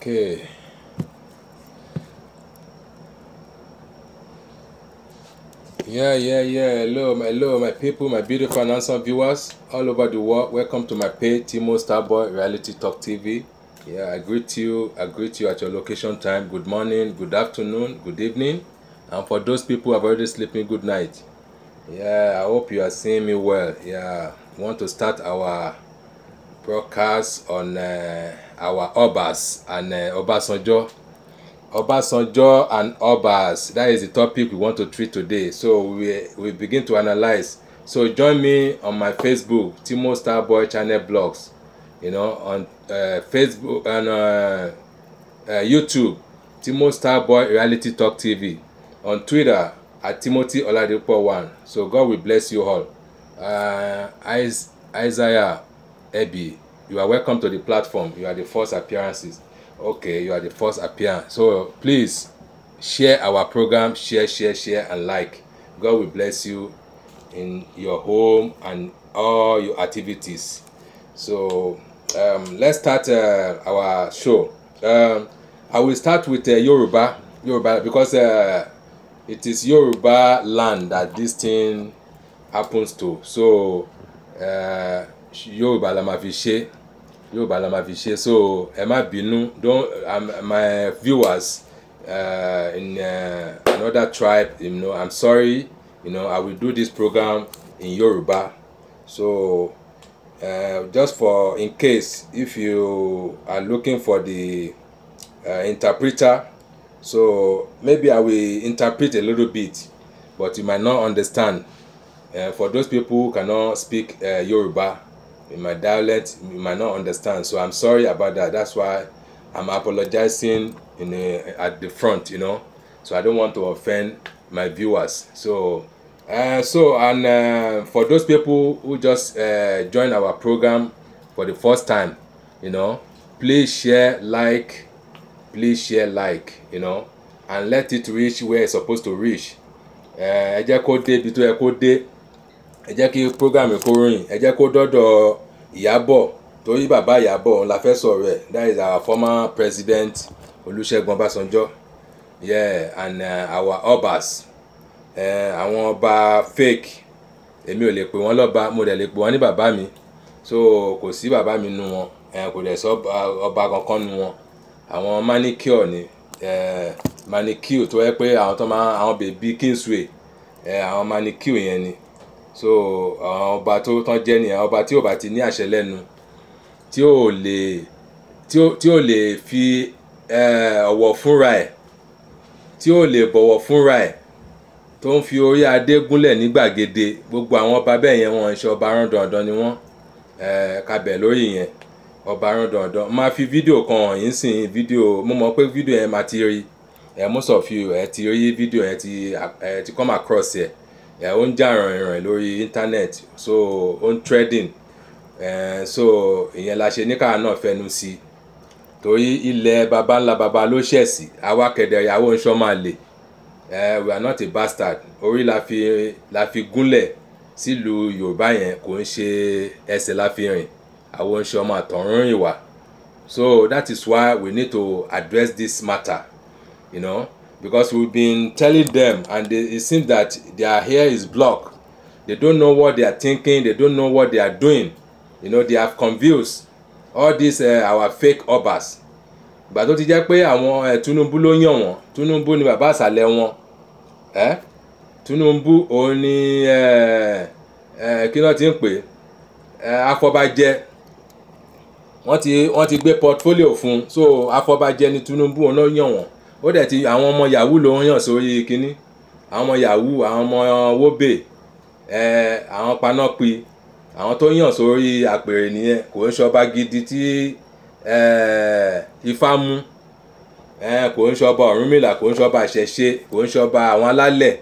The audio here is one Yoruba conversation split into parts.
Okay. Yeah, yeah, yeah. Hello, my, hello, my people, my beautiful and handsome viewers all over the world. Welcome to my page, Timo Starboy Reality Talk TV. Yeah, I greet you. I greet you at your location time. Good morning, good afternoon, good evening. And for those people who have already sleeping, good night. Yeah, I hope you are seeing me well. Yeah, want to start our broadcast on. Uh, our obas and uh, Obasanjo. Obasanjo and obas. That is the topic we want to treat today. So we we begin to analyze. So join me on my Facebook, Timo Starboy Channel Blogs. You know on uh, Facebook and uh, uh, YouTube, Timo Starboy Reality Talk TV. On Twitter at Timothy Oladipo One. So God will bless you all. Uh, Isaiah Ebi. you are welcome to the platform you are the first appearances okay you are the first appearance so please share our program share share share and like god will bless you in your home and all your activities so um, let's start uh, our show um, i will start with uh, yoruba yoruba because uh, it is yoruba land that this thing happens to so uh, yoruba la yorùbá la máa fi ṣe so ẹ má bínú don um, my viewers uh, in uh, another tribe you know i'm sorry you know i will do this program in yoruba so uh, just for in case if you are looking for the uh, interpreter so maybe i will interpret a little bit but you might not understand uh, for those people who cannot speak uh, yoruba in my dialect you might not understand so i'm sorry about that that's why i'm apologizing in the at the front you know so i don't want to offend my viewers so uh, so and uh, for those people who just uh, join our program for the first time you know please share like please share like you know and let it reach where it's supposed to reach uh, ẹ jẹ́ kí program kó ròyìn ẹ jẹ́ kó dọ́dọ̀ ìyábọ̀ torí bàbá ìyábọ̀ la fẹ́ sọ̀rọ̀ ẹ̀ that is our former president olúṣẹ́gun ọbásanjọ́ yeah and uh, our obas àwọn uh, ọba fake èmi ò lè pè wọ́n lọ́ba mo dẹ̀ lè pè wọ́n ní bàbá mi so kò sí bàbá mi nu wọn kò dẹ̀ sọ ọba kankan nu wọn àwọn manicure ni manicure tó yẹ pé àwọn tó máa àwọn bèbí kingsway àwọn manicure yẹn ni so àwọn ọba tó tán jẹ́ nìyẹn ọba tí ò bá ti ní àṣẹ lẹ́nu tí ò lè tí ò lè fi ọ̀wọ̀ fúnra ẹ̀ tí ò lè bọ̀wọ̀ fúnra ẹ̀ tó ń fi orí adé gúnlẹ̀ ní gbàgede gbogbo àwọn ọba bẹ́ẹ̀ yẹn wọn ṣe ọba arán dandan ni wọ́n kabẹ̀ lórí yẹn ọba arán dandan máa fi fídíò kan hàn yín sìn fídíò mo mọ̀ pé fídíò yẹn máa ti rí ẹ̀ most of you ẹ̀ ti rí fídíò yẹn ti come across yẹn ó ń jà rànìràn lórí internet so ó ń trading uh, so ìyẹn la ṣe níkà náà fẹnu sí torí ilẹ̀ baba ńlá baba ló ṣẹ̀sì àwa kẹ̀dẹ̀ ìyàwó ń ṣọ́ máa lè we are not a bastard orí la fi la fi gúnlẹ̀ sílùú yorùbá yẹn kò ń ṣe ẹsẹ̀ la fi rìn àwọn ń ṣe ọmọ àtọ̀rún so that is why we need to address this matter you know because we've been telling them and they, it seems that their hair is blocked they don't know what they are thinking they don't know what they are doing you know they have confused all these uh, our fake obas ìgbà tó ti jẹ́ pé àwọn ẹ̀ eh, Tinubu ló yàn wọ́n Tinubu ni bàbá àṣàlẹ̀ wọn ẹ́ Tinubu òun ni eh, kí náà ti ń pè ẹ̀ afọbajẹ wọ́n ti gbé portfolio fún so afọbajẹ ni Tinubu òun náà yàn wọ́n ó dẹ̀ ti àwọn ọmọ yahoo ló ń yàn sórí kínní àwọn ọmọ yahoo àwọn ọmọ wóbè ẹ àwọn panápi àwọn tó yàn sórí àpèrè nìyẹn kò ń ṣọba gidi tí ẹ ifá mú ẹ kò ń ṣọba ọ̀rúnmìlà kò ń ṣọba àṣẹṣe kò ń ṣọba àwọn alálẹ̀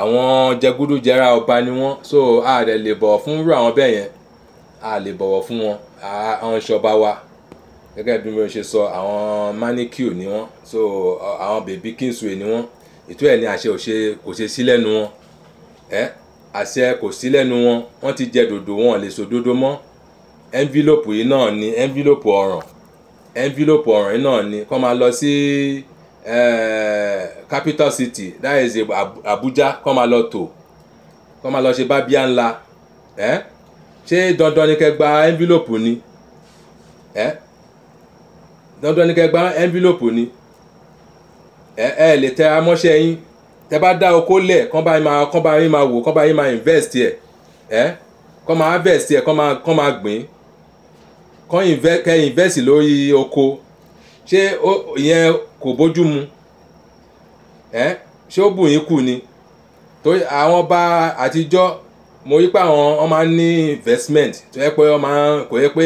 àwọn jẹgúdújẹrá ọba ni wọ́n so a dẹ̀ lè bọ̀wọ̀ fún irú àwọn bẹ́ẹ̀ yẹn a lè bọ̀wọ̀ fún wọn àwọn ìṣọba wa gẹ́gẹ́ bí mo ṣe sọ àwọn manicure ni wọ́n so àwọn baby kingsway ni wọ́n ètò ẹ̀ ní àṣẹ kò ṣe sí lẹ́nu wọn ẹ́ àṣẹ kò sí lẹ́nu wọn wọ́n ti jẹ dòdò wọn lè so dòdò mọ́ envelope yìí náà ni envelope ọ̀ràn envelope ọ̀ràn yìí náà ni kọ́ máa lọ sí capital city that is Abuja kọ́ máa lọ tò kọ́ máa lọ ṣe bábíà ńlá ẹ́ ṣé dandan ni kẹ́ gba envelope ni ẹ́ dandan ní kẹ́ gba envelope ni ẹ ẹ lè tẹ amọ́ṣẹ́ yín tẹ bá dá oko lẹ̀ kán bá yín máa kán bá yín máa wò kán bá yín máa invest ẹ̀ ẹ kán máa invest ẹ̀ kán máa kán máa gbìn kán invest kẹ́ invest lórí oko ṣé ìyẹn kò bójú mu ẹ ṣé ó bù yín kù ni torí àwọn bá àtijọ́ mo rí pé àwọn ọmọ ní investment tó yẹ pé ọmọ kò yẹ pé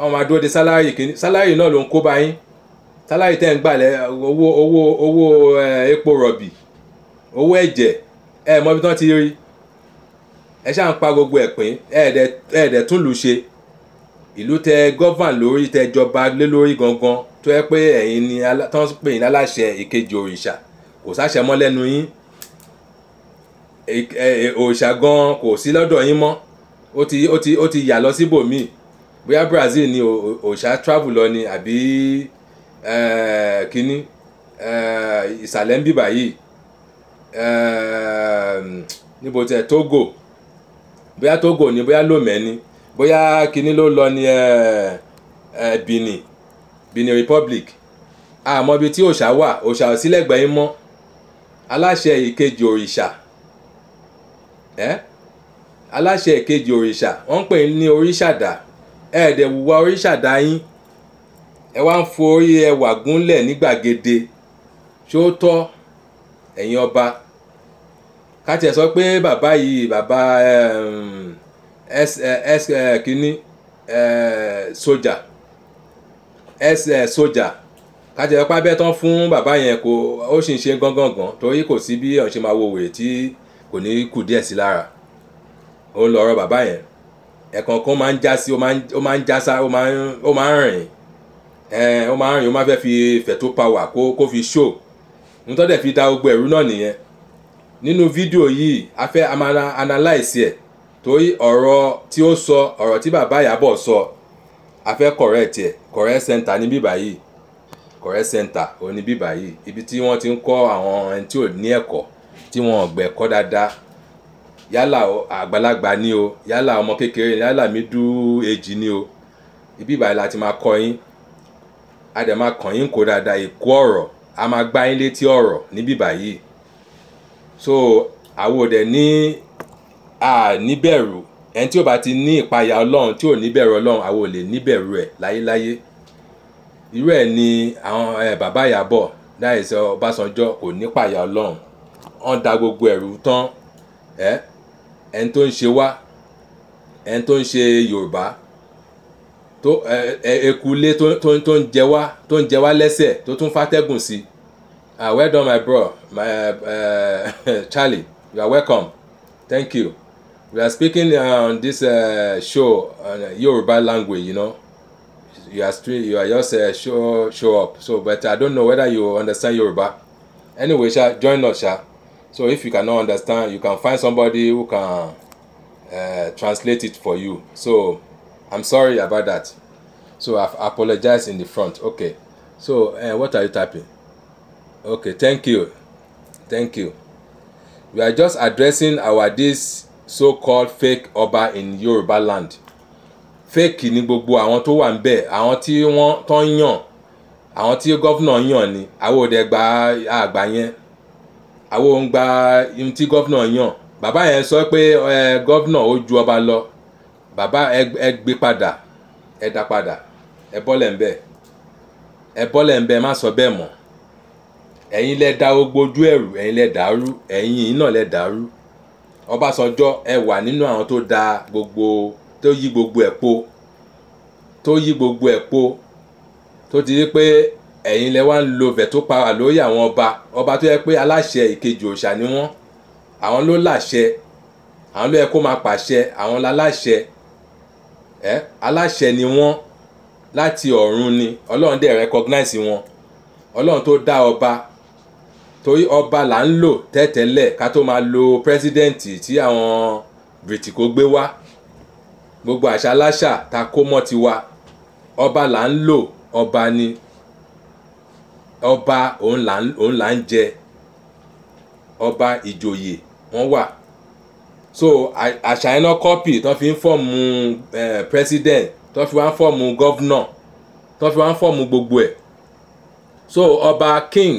àwọn máa dúró de sálárì kìíní sálárì náà ló ń kó bá yín sálárì tẹ́ ń gbà lẹ́ owó owó owó epo rọ̀bì owó ẹ̀jẹ̀ ẹ mọ ibi tí wọ́n ti rí ẹ ṣáà ń pa gbogbo ẹ̀ pín ẹ̀ẹ́dẹ̀ tún lù ṣe ìlú tẹ gọ́fàn lórí tẹ jọba lé lórí gangan tó yẹ pé ẹ̀yin ni tó ń pè yín láláṣẹ ìkejì òrìṣà kò sáṣẹ mọ́ lẹ́nu yín òrìṣà gan kò sí lọ́dọ̀ yín mọ́ ti ó ti ó ti yà lọ síbòmíì bóyá Brazil ni òòṣà travel lọ ni àbí eh, kínní eh, ìsàlẹ̀ ń bíbà yìí eh, níbo tẹ Togo bóyá Togo ni bóyá Lomé ni bóyá kínní ló lọ ni Benin Benin Republic àmọ́ ibi tí òòṣà wà òòṣà ò sí lẹ́gbẹ̀ẹ́ yín mọ́ aláṣẹ ìkejì òrìṣà ẹ́ aláṣẹ ìkejì òrìṣà wọ́n ń pè ní oríṣàdá ẹ̀ẹ́dẹ̀ wùwà oríṣàdá yín ẹ wá ń forí ẹwà gúnlẹ̀ ní gbàgede ṣó tọ́ ẹ̀yin ọba ká tiẹ̀ sọ pé bàbá yìí bàbá eh, s eh, eh, kínní sójà s sójà ká tiẹ̀ sọ pé abẹ́ tán fún bàbá yẹn kò ó sì ń ṣe gángangan torí kò sí bí ọ̀ṣẹ́ máa wo òwe tí kò ní kù díẹ̀ sí lára ó ń bàbá yẹn ẹ̀kọ̀ọ̀kan máa ń já sí ó máa ń já sá ó máa ń rìn ó máa ń rìn ó máa fẹ́ fi fẹ̀tó power kó kó fi ṣó nítorí fi da gbogbo ẹ̀rú náà nìyẹn nínú fídíò yìí a fẹ́ a máa analyse ẹ̀ torí ọ̀rọ̀ tí ó sọ ọ̀rọ̀ tí bàbá Ìyábọ̀ sọ a fẹ́ correct ẹ̀ correct center ní bíbá yìí correct center òní bíbá yìí ibi tí wọ́n ti ń kọ́ àwọn ẹni tí ò ní ẹ̀kọ́ tí wọ́n ọ̀gbẹ́ kọ́ dáadáa yálà àgbàlagbà ni o yálà ọmọ kékeré yálà middle age ni o ibi ìbàyìí la ti máa kọ́ yín a dẹ̀ máa kàn yín kó dáadáa èkó ọ̀rọ̀ a máa gbá yín létí ọ̀rọ̀ níbí ìbàyìí so àwọn òdẹ̀ ní a níbẹ̀rù ẹni tí ó bá ti ní ìpayà ọlọ́run tí ò níbẹ̀rù ọlọ́run àwọn ò lè níbẹ̀rù ẹ̀ láyéláyé irú ẹ̀ ni àwọn bàbá Ìyábọ̀ láìsí Ọbásanjọ́ kò nípayà ọlọ́run wọ́n da gbogbo ẹ̀rù tán ẹ́ eh? ẹni tó ń ṣe wá ẹni tó ń ṣe yorùbá tó ekulé tó ń jẹ wá tó ń jẹ wá lẹ́sẹ̀ tó tún fàtẹ́gùn sí ah well done my bro my uh, Charlie you are welcome thank you we are speaking on this uh, show on uh, Yoruba language you know you are you are just uh, show show up so but I don't know whether you understand Yoruba anyway sha join us sha. So if you cannot understand, you can find somebody who can uh, translate it for you. So I'm sorry about that. So I apologize in the front. Okay. So uh, what are you typing? Okay, thank you. Thank you. We are just addressing our this so-called fake Oba in Yoruba land. Fake ni gbogbo àwọn tó wà ń bẹ̀, àwọn tí wọ́n tán yàn, àwọn tí gọ́vnà yàn ni, àwọn ò dẹ̀ gba àgbà yẹn àwọn òun gba ohun tí gọ́vnà yàn bàbá yẹn sọ pé gọ́vnà ó ju ọba lọ bàbá ẹ gbé padà ẹ dá padà ẹ bọ́lẹ̀ ń bẹ̀ ẹ bọ́lẹ̀ ń bẹ̀ má sọ bẹ́ẹ̀ mọ́ ẹ̀yin lẹ da ogbojú ẹ̀rù ẹ̀yin lẹ dàrú ẹ̀yin yìí náà lẹ dàrú Ọbásanjọ́ ẹ wà nínú àwọn tó da gbogbo tó yí gbogbo ẹ̀ po tó yí gbogbo ẹ̀ po tó ti rí pé ẹ̀yin lẹ wá ń lo veto power lórí àwọn ọba ọba tó yẹ pé aláṣẹ ìkejì òòṣà ni wọ́n àwọn ló láṣẹ àwọn ló yẹ kó máa pàṣẹ àwọn láláṣẹ ẹ aláṣẹ ni wọ́n láti ọ̀run ni ọlọ́run dẹ̀ recognize wọn ọlọ́run tó dá ọba torí ọba là ń lò tẹ́tẹ́lẹ̀ ká tó máa lo pírẹ́sídẹ́ǹtì tí àwọn bìrìtìkó gbé wá gbogbo àṣà aláṣà ta kó mọ́ tiwa ọba là ń lò ọba ni ọba òun là ń jẹ ọba ìjòyè wọ́n wà so àṣà iná kọ́pì tó fi ń fọ́ọ̀mù president tó fi wá ń fọ́ọ̀mù governor tó fi wá ń fọ́ọ̀mù gbogbo ẹ̀ so ọba king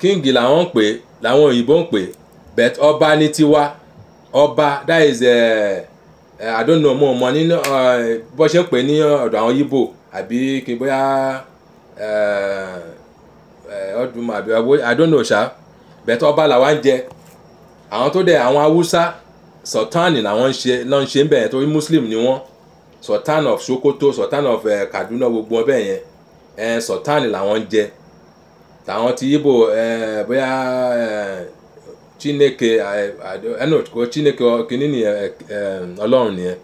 king làwọn ń pè làwọn òyìnbó ń pè but ọba ní tiwa ọba that is uh, I don't know mo mọ nínú bó ṣe ń pè ní ọ̀dọ̀ àwọn yíbò àbí kí bóyá ọdún eh, àbí àdónò ṣá bẹ́tẹ̀ ọba làwa ń jẹ àwọn tó dẹ̀ àwọn haúsá sultani làwọn náà ń ṣe ń bẹ̀yẹn torí muslim ni wọ́n sultan of sokoto sultan of eh, kaduna gbogbo ọbẹ̀ yẹn eh, sultani làwọn ń jẹ tàwọn ti ibo bóyá chineke ẹnu kò chineke kìíní nìyẹn ọlọ́run nìyẹn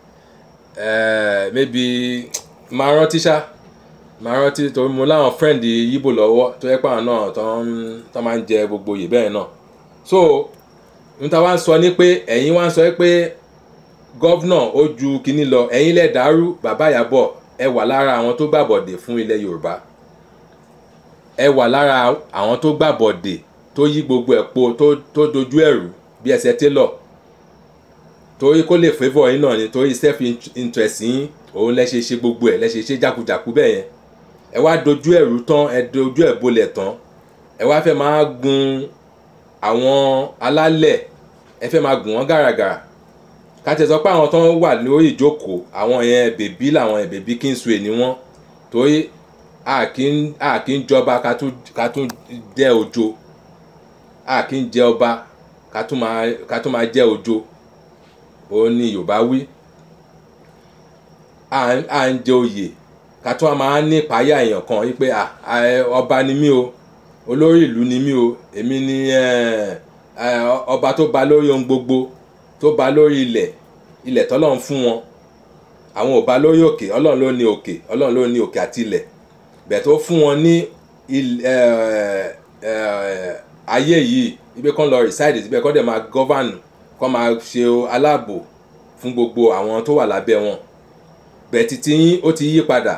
maybe máa rántí ṣáá màá rántí torí mo láwọn friend yíbò lọ́wọ́ tó yẹ pàwọn náà tó máa ń jẹ gbogbo yìí bẹ́ẹ̀ náà so n ta wá ń sọ ni pé ẹ̀yin wá ń sọ pé gọ́vnà ó ju kínní lọ ẹ̀yin lẹ̀ dàrú bàbá Ìyábọ̀ ẹ wà lára àwọn tó gbàbọ̀dè fún ilẹ̀ Yorùbá ẹ wà lára àwọn tó gbàbọ̀dè tó yí gbogbo ẹ̀ po tó dojú ẹ̀rú bí ẹsẹ̀ télọ̀ torí kó lè favour yín náà ni torí self interest yín òun lẹ ṣe ṣe gbogbo ẹ̀ lẹ ṣe ṣe jákujàku bẹ́ẹ̀ yẹn ẹ wá dojú ẹ̀rú tán ẹ dojú ẹ̀ bolẹ̀ tán ẹ wá fẹ́ máa gun àwọn alálẹ̀ ẹ fẹ́ máa gùn wọ́n gàràgàrà kàtẹ́ sọ pé àwọn tán wà lórí ìjókòó àwọn yẹn bèbí làwọn yẹn bèbí Kingsway ni wọ́n torí a kì í jọba ká tún jẹ́ òjò a kì í jẹ ọba ká tún máa jẹ́ òjò òun ni Yorùbá wí à ń jẹ oyè ká tó máa ní ìpáyà èèyàn kan wípé ọba ni mí o olórí ìlú ni mí o èmi ni ọba tó ba lórí ohun gbogbo tó ba lórí ilẹ̀ ilẹ̀ tọ́lọ́run fún wọn àwọn ò ba lórí òkè ọlọ́run ló ní òkè ọlọ́run ló ní òkè àti ilẹ̀ bẹ̀ tó fún wọn ní ayé yìí ibi kan lọ reside síbẹ̀ kọ́ dẹ̀ máa govern kọ́ máa ṣe aláàbò fún gbogbo àwọn tó wà lábẹ́ wọn bẹ̀ títí yín ó ti yí padà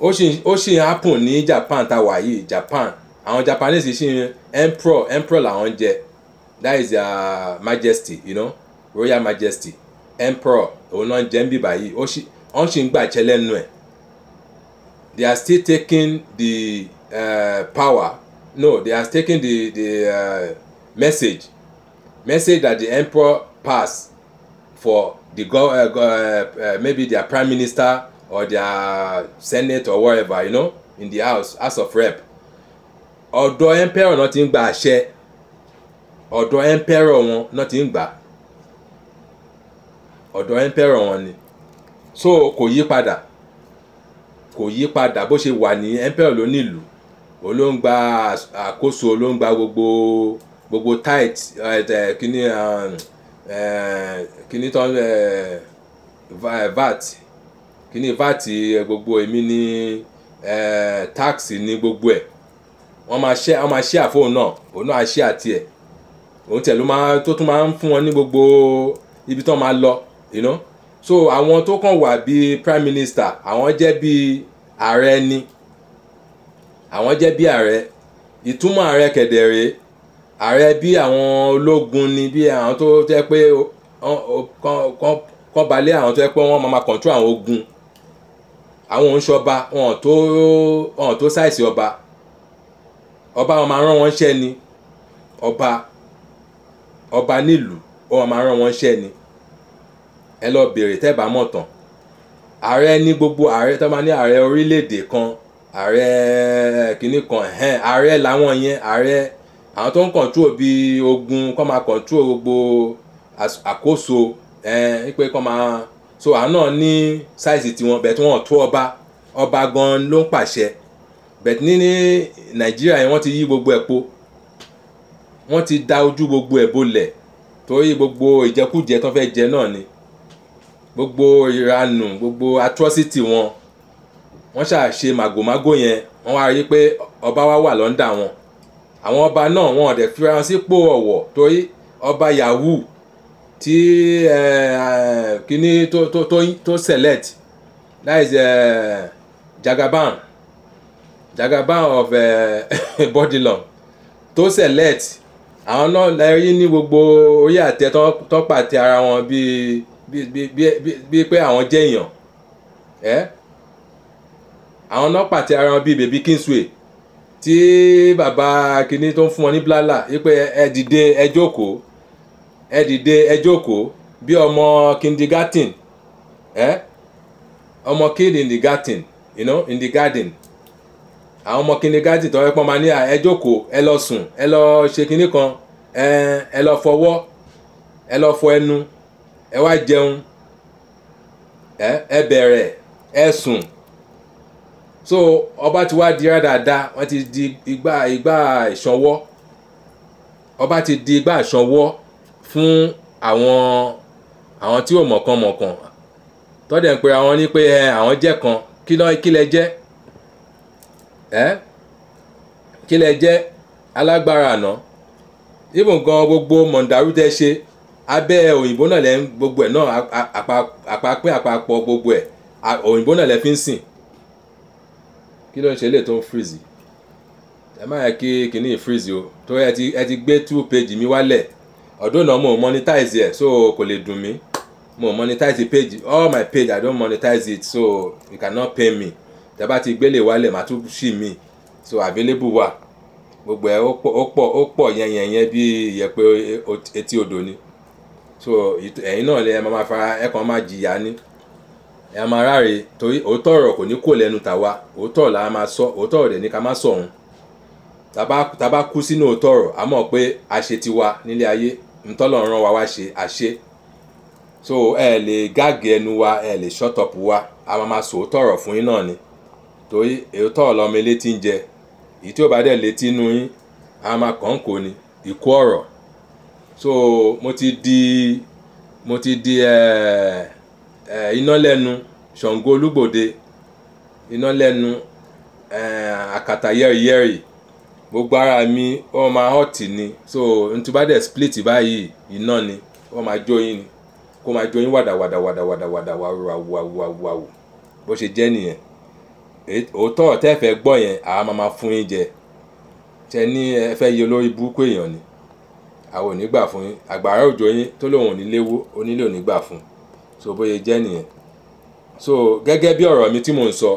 ó ṣe ó ṣe happen ní Japan tá a wà yìí Japan àwọn Japanese ṣì ń emperor emperor làwọn jẹ that is their majesty you know royal majesty emperor òun náà jẹ́ ń bì báyìí ó ṣì wọ́n ṣì ń gbàjẹ́ lẹ́nu ẹ̀ they are still taking the uh, power no they are taking the the uh, message message that the emperor pass for the eh, go go uh, uh, maybe their prime minister or their senate or whatever you know in the house house of rep ọ̀dọ̀ emperor náà ti ń gba àṣẹ ọ̀dọ̀ emperor wọn náà ti ń gbà ọ̀dọ̀ emperor wọn ni so kò yí padà kò yí padà bó ṣe wà ní emperor ló nílùú òun ló ń gba àkóso ló ń gba gbogbo gbogbo uh eh, eh, kini um, eh, kíní tán vat. Uh, kí ni vat eh, gbogbo èmi ní eh, tax ní gbogbo ẹ̀ wọ́n máa ṣe wọ́n máa ṣe àfóun náà òun náà ṣe àti ẹ̀ òun tẹ̀ ló máa tó tún máa ń fún wọn ní gbogbo ibi tó máa lọ you know so àwọn tó kàn wà bíi prime minister àwọn jẹ́ bíi ààrẹ ni àwọn jẹ́ bíi ààrẹ ìtumọ̀ ààrẹ kẹ̀dẹ̀rẹ̀ ààrẹ bíi àwọn ológun ni bíi àwọn tó jẹ́ pé kàn balẹ̀ àwọn tó jẹ́ pé wọ́n máa control àwọn ogun àwọn òun ṣọba wọn tó wọn tó ṣàìsí ọba ọba wọn máa rán wọn ṣẹ́ ni ọba ọba nílùú wọn máa rán wọn ṣẹ́ ni ẹ lọ bèrè tẹ́ẹ̀bá mọ̀ tán ààrẹ ní gbogbo ààrẹ tó máa ní ààrẹ orílẹ̀-èdè kan ààrẹ kìíní kan ẹ̀hẹ́n ààrẹ làwọn yẹn ààrẹ àwọn tó ń kọ̀ntró bí ogun kọ́ máa kọ̀ntró gbogbo àkóso ẹ̀ ń pé kọ́ máa so àwọn náà ní sáìsì tiwọn bẹ̀ẹ̀ tí wọ́n tó ọba ọba gan ló ń pàṣẹ bẹ̀ẹ̀ ní ní nàìjíríà yẹn wọ́n ti yí gbogbo ẹ̀ po wọ́n ti da ojú gbogbo ẹ̀ bolẹ̀ torí gbogbo ìjẹkújẹ tó fẹ́ jẹ náà ni gbogbo ìranù gbogbo atrocity wọn wọ́n ṣàṣe màgòmágó yẹn wọ́n wá rí pé ọba wa wà lọ́ndà wọn àwọn ọba náà wọn ò dẹ̀ fi ara wọn ọ̀wọ̀ torí ọba yahoo tí kini to tó tó tó select that is Jagaban Jagaban of body Bodilon To select àwọn náà lẹ́yìn ní gbogbo orí àtẹ tó pàtẹ ara wọn bíi bíi pé àwọn jẹ́ èèyàn ẹ́ àwọn náà pàtẹ ara wọn bíi bèbí Kingsway tí bàbá kínní tó ń fún wọn ní blala yí pé ẹ dìde ẹ jókòó ẹ dìde ẹ jókòó bí ọmọ kindergarten ẹ ọmọ kid in the garden you know in the garden àwọn ọmọ kindergarten tó ń pọn máa ní à ẹ jókòó ẹ lọ sùn ẹ lọ ṣe kinní kan ẹ ẹ lọ fọwọ́ ẹ lọ fọ ẹnu ẹ wá jẹun ẹ ẹ bẹ̀rẹ̀ ẹ sùn so ọba ti wá di rádaràda wọ́n ti di igbá igbá ìṣanwọ́ ọba ti di igbá ìṣanwọ́ fún àwọn àwọn tí ò mọ̀kan mọ̀kan tọ́dẹ̀ ń pe àwọn ní pé ẹ àwọn jẹ́ kan kí lẹ jẹ́ ẹ kí lẹ jẹ́ alágbára àná even gan gbogbo mọ̀ndàrú tẹ́ ṣe abẹ́ òyìnbó náà lẹ́ ń gbogbo ẹ̀ náà àpapín àpapọ̀ gbogbo ẹ̀ òyìnbó náà lẹ́ fi ń sìn kí ló ń ṣe lè tó ń freeze ẹ má yẹ kí kinní freeze o tó ẹ ti gbé two page mi wálẹ̀ ọdún náà mo monetize ẹ̀ so kò lè dùn mí mo monetize page all my page i don't monetize it so you cannot pay me tẹ́ bá ti gbélé wálẹ̀ màá tún ṣì mí so available wà gbogbo ẹ̀ ó pọ̀ ó pọ̀ ó pọ̀ bí ìyẹ̀pẹ̀ etí odò ni so ẹ̀yin náà lè máa fara ẹ̀ kàn máa jìyà ni ẹ̀ máa ráre torí òótọ́ ọ̀rọ̀ kò ní kó lẹ́nu tàwa òótọ́ là á máa sọ òótọ́ ọ̀rẹ́ ní ká má sọ tàbá kú sínú òótọ́ ọ̀rọ̀ àmọ́ pé a ṣe tiwa nílé ayé ntọ́lọ̀ ràn wá ṣe àṣe so ẹ lè gáàgì ẹnu wa ẹ lè ṣọ́tọ̀pù wa a máa ma sòótọ́ ọ̀rọ̀ fún yín náà ni torí èótọ́ ọlọ́mọ ilé tí ń jẹ èyí tí ó bá dẹ̀ létí inú yín a máa kàn kò ní ìkú ọ̀rọ̀ so mo ti di mo ti di ẹ ẹ iná lẹ́nu Ṣàngó Olúgbòde iná lẹ́nu ẹ àkàtà yẹ́rìyẹ́rì gbogbo ara mi wọ́n máa hot ni so n tí bá dẹ̀ split báyìí iná ni wọ́n máa jó yín ni kó máa jó yín wàdàwàdàwàdàwàdà wàwùwàwùwàwù bó ṣe jẹ́ nìyẹn òótọ́ tẹ́fẹ̀ẹ́ gbọ́ yẹn àá máa máa fún yín jẹ ṣe ní ẹ fẹ́ yẹ olórí burúkú èèyàn ni àwọn ò ní gbà fún yín àgbàrá òjò yín tó lòun ò ní léwó onílé ò ní gbà fún so bóyá jẹ́ nìyẹn so gẹ́gẹ́ bí ọ̀rọ̀ mi tí mò ń sọ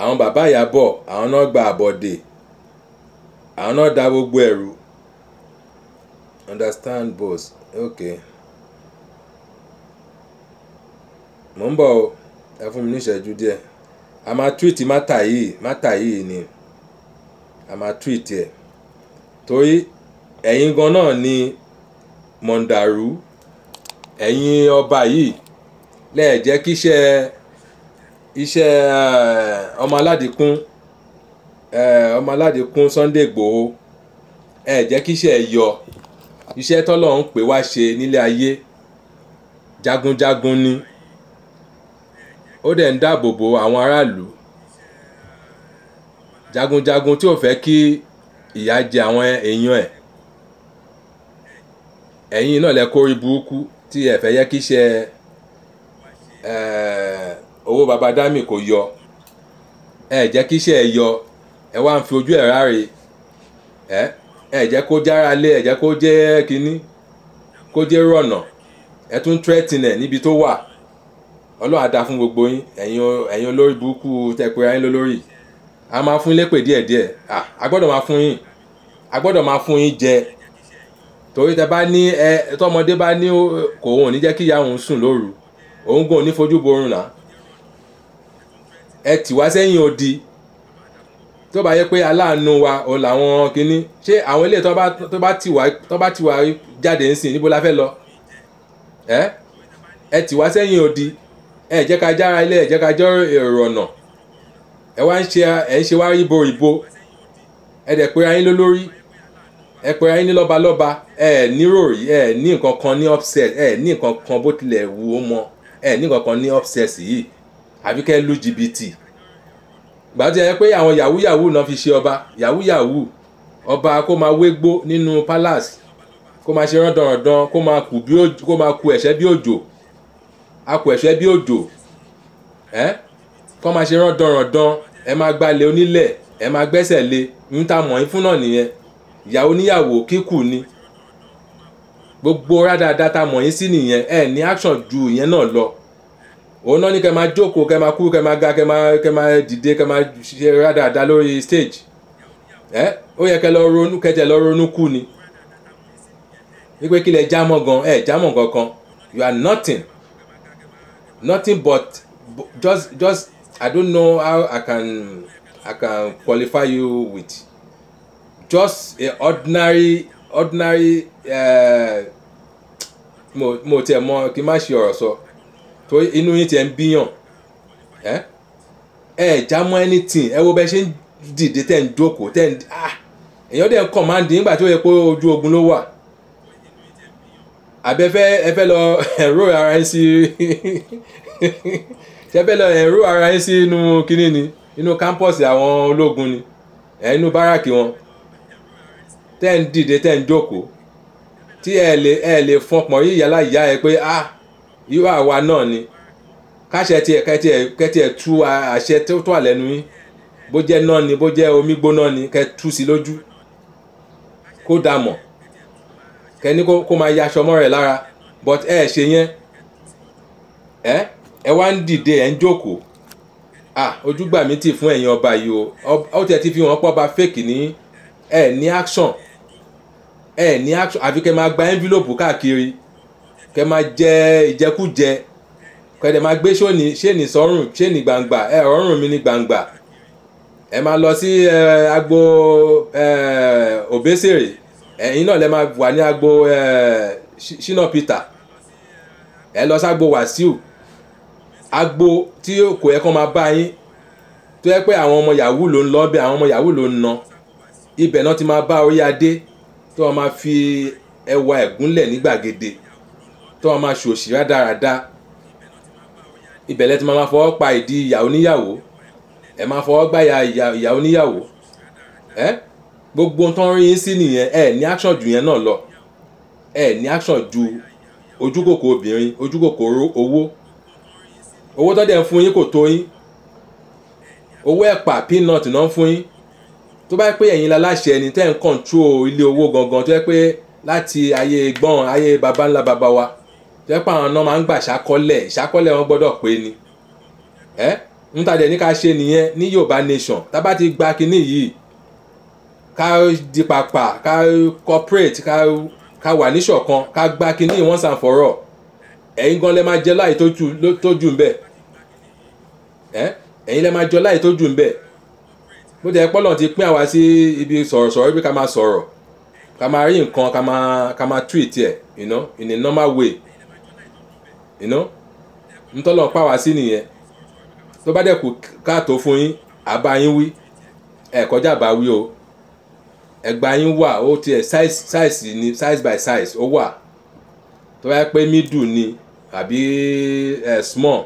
àwọn bàbá Ìyábọ̀ àwọn náà gba àbọ̀dè àwọn náà dá gbogbo ẹ̀rù understand boss okay mò ń bọ̀ o ẹ fún mi ní ìṣẹ́jú díẹ̀ a máa tweet mátà yìí mátà yìí ni a máa tweet ẹ̀ torí ẹ̀yin gan náà ni mọ̀ǹdàrú ẹ̀yin ọba yìí lẹ́ẹ̀ jẹ́ kíṣẹ́ iṣẹ́ ọmọ aládìkún ọmọ aládé kún Sunday Igboho ẹ jẹ́ kí iṣẹ́ ẹ yọ iṣẹ́ tọ́lọ́run pè wá ṣe nílé ayé jagunjagun ni ó dẹ̀ ń dáàbò bo àwọn aráàlú jagunjagun tí ò fẹ́ kí ìyà jẹ àwọn èèyàn ẹ̀ ẹ̀yin náà lẹ kórí burúkú tí ẹ fẹ́ yẹ kí iṣẹ́ owó baba dami kò yọ ẹ jẹ́ kí iṣẹ́ ẹ yọ ẹ wá ń fi ojú ẹ ẹ jẹ́ kó jára lé ẹ jẹ́ kó jẹ́ kínní kó ẹ tún tírẹ́tìnẹ̀ níbi tó wà ọlọ́run dá fún gbogbo yín ẹ̀yin olórí burúkú tẹ̀pẹ́ra lólórí a máa fún yín lépè díẹ̀díẹ̀ a gbọ́dọ̀ máa fún yín a máa fún yín jẹ torí tẹ bá ní ẹ tọmọdé bá ní kò òun ò ní jẹ́ kí ìyá òun sùn lóru tó bá yẹ pé aláàánú wa ò làwọn kínní ṣé àwọn ilé tó bá tì wá tó bá tì wá jáde ńsìn níbo la fẹ́ lọ ẹ ẹ tì wá sẹ́yìn odi ẹ jẹ́ ká jára ilé ẹ jẹ́ ká jọ́ èrò ọ̀nà ẹ wá ń ṣe ẹ ń ṣe wá ríbo ìbo ẹ dẹ̀ pé ayín lólórí ẹ pé ayín ní lọ́balọ́ba ẹ níròrí ẹ ní nǹkan kan ní upset ẹ ní nǹkan kan bó tilẹ̀ wù ó mọ ẹ ní nǹkan kan ní upset yìí àbí lu jìbìtì gbàtí ẹ pé àwọn yahoo yahoo náà fi ṣe ọba yahoo yahoo ọba kó máa wégbó nínú palace kó máa ṣe rándanràndan kó máa kù bí òjò kó máa ku ẹ̀ṣẹ́ bí òjò akù ẹ̀ṣẹ́ bí òjò ẹ kó máa ṣe rándanràndan ẹ máa gbalẹ̀ onílẹ̀ ẹ máa gbẹ́sẹ̀ lé ń ta mọ̀ yín fún náà nìyẹn ìyàwó níyàwó kíkù ni gbogbo rádàdà ta mọ̀ yín sí nìyẹn ẹ ní action ju ìyẹn náà lọ òun náà ní kẹ́ máa jókòó kẹ́ máa kú kẹ́ máa ga kẹ́ máa kẹ́ máa dìde kẹ́ máa ṣe rádàdà lórí stage ẹ ó yẹ kẹ́ lọ ronú kẹjẹ lọ ronú kú ni wípé kílẹ̀ jámọ̀ gan ẹ jámọ̀ gankan you are nothing nothing but just just I don't know how I can I can qualify you with just a ordinary ordinary uh, mo mo tiẹ̀ mọ̀ kí n má ṣe ọ̀rọ̀ sọ. So tó inú yín tiẹ̀ ń bíyàn ẹ ẹ já mọ́ anything ẹ wo bẹ́ẹ̀ ṣe ń dìde tẹ̀ ń jókòó tẹ̀ ń ah èèyàn dẹ̀ ń command nígbà tó yẹ pé ojú ogun ló wà àbẹ fẹ́ ẹ fẹ́ lọ ẹ̀rọ ara ẹ sí ṣe fẹ́ lọ ẹ̀rọ ara ẹ sí inú kínní ni inú kámpọ̀sì àwọn ológun ni ẹ̀ inú báràkì wọn tẹ́ ń dìde tẹ́ ń jókòó tí ẹ lè ẹ lè fọpọ̀ yíyá láyà ẹ pé ah irú àwa náà ni káṣẹ tiẹ kẹtiẹ kẹtiẹ tú àṣẹ tó tó àlẹnu yín bó jẹ́ náà ni bó jẹ́ omi gbóná ni kẹ tú sí lójú kó dà mọ̀ kẹ ní kó máa yaṣọ mọ́ rẹ̀ lára but ẹ ṣe yẹn ẹ ẹ wá ń dìde ẹ ń jókòó ah ojúgbà mi ti fún ẹ̀yin ọba yìí o ó tiẹ̀ ti fi wọ́n pọ́ ba fake ní ẹ ní action ẹ ní action àfi kẹ́ máa gba envelope káàkiri kẹ́ máa jẹ ìjẹkújẹ kẹ́ dẹ̀ máa gbé ṣéènì sọ́rùn ṣéènì gbangba ẹ ọ̀rùn mi ní gbangba ẹ máa lọ sí agbo òbésèrè ẹ̀yin náà lẹ máa wà ní agbo Ṣínà Peter ẹ lọ sí agbo Wàsíù agbo tí kò yẹ kó máa bá yín tó yẹ pé àwọn ọmọ yahoo ló ń lọ bẹ àwọn ọmọ yahoo ló ń na ibẹ̀ náà ti máa bá orí adé tó wọn máa fi ẹwà ẹ̀gúnlẹ̀ ní gbàgede tó máa ṣe òṣìṣẹ́ dáradá ìbẹ̀lẹ̀ tí máa fọwọ́ pa ìdí ìyá oníyàwó ẹ máa fọwọ́ gbá ìyá oníyàwó ẹ gbogbo tó ń rí yín sí nìyẹn ẹ ní action ju yẹn náà lọ ẹ ní action ju ojúkòkò obìnrin ojúkòkòrò owó owó tó dẹ̀ ń fún yín kò tó yín owó ẹ̀pà peanut náà ń fún yín tó bá pé ẹ̀yin láláṣẹ ẹni tẹ́ ń control ilé owó gangan tó yẹ pé láti ayé gbọ́n ayé baba ńlá baba jẹ́ pé àwọn náà máa ń gbà ṣàkọlẹ̀ ṣàkọlẹ̀ wọn gbọ́dọ̀ pé ni ẹ́ ń ta dẹ̀ ní ká ṣe nìyẹn ní Yorùbá nation tá bá ti gba kinní yìí ká di pàpà ká corporate ká ká wà níṣọ̀kan ká gba kinní once and for all ẹ̀yin gan lẹ máa jẹ láì tó jù ń bẹ̀ ẹ́ ẹ̀yin lẹ máa jọ láì tó jù ń bẹ̀ bó ti ẹ pọ́lọ̀ ti pín àwa sí ibi sọ̀rọ̀sọ̀rọ̀ ibi ká máa sọ̀rọ̀ ká máa rí nǹkan ká máa ká ẹ̀ you know in a normal way you know ntọ́lọ̀ pa wá sí nìyẹn tó bá dẹ̀ kú káàtó fún yín àbá yín wí ẹ̀ kọjá bá wí o ẹgbà yín wà ó tiẹ̀ size ni size by size ó wà tó bá yẹ pé middle ni àbí ẹ small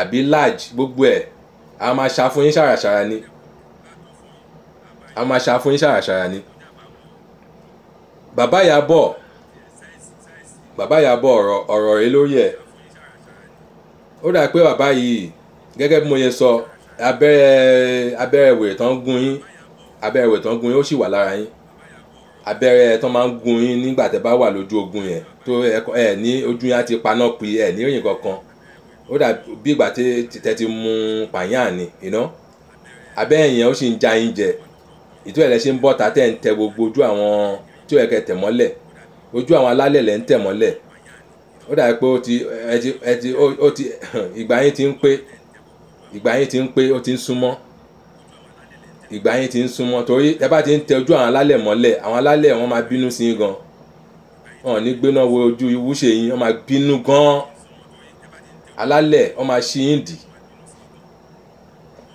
àbí large gbogbo ẹ̀ a máa ṣàfún yín ṣàràṣàrà ni a máa ṣàfún yín ṣàràṣàrà ni bàbá Ìyábọ̀ bàbá Ìyábọ̀ ọ̀rọ̀ ọ̀rọ̀ rẹ lórí ẹ̀ ó dà pé bàbá yìí gẹ́gẹ́ bí mo yẹ sọ abẹ́rẹ́ abẹ́rẹ́ ìwé tán gún yín abẹ́rẹ́ ìwé tán gún yín ó sì wà lára yín abẹ́rẹ́ tán máa ń gún yín nígbà tẹ́ bá wà lójú ogun yẹn tó ẹ ní ojú yín á ti paná pè ẹ ní ìròyìn kankan ó dà bí ìgbà tẹ́ ti mú pààyàn ni iná abẹ́rẹ́ yẹn ó sì ń já yín jẹ ìtú ẹ̀ lẹ́ ṣe ń bọ́ta tẹ́ ń tẹ gbogbo ojú àwọn tí ó yẹ kẹ́ tẹ̀ mọ́lẹ̀ ojú àwọn alálẹ̀ lẹ́ ń tẹ̀ mọ́lẹ̀ ó dàbí pé ó ti ẹ ti ẹ ti ó ti ìgbà yín ti ń pé ìgbà yín ti ń pé ó ti ń súnmọ́ ìgbà yín ti ń súnmọ́ torí ẹ bá ti ń tẹ ojú àwọn alálẹ̀ mọ́lẹ̀ àwọn alálẹ̀ wọn máa bínú sí yín gan wọn ò ní gbéná wo ojú ìwúṣe yín wọn máa bínú gan alálẹ̀ wọn máa ṣí yín dì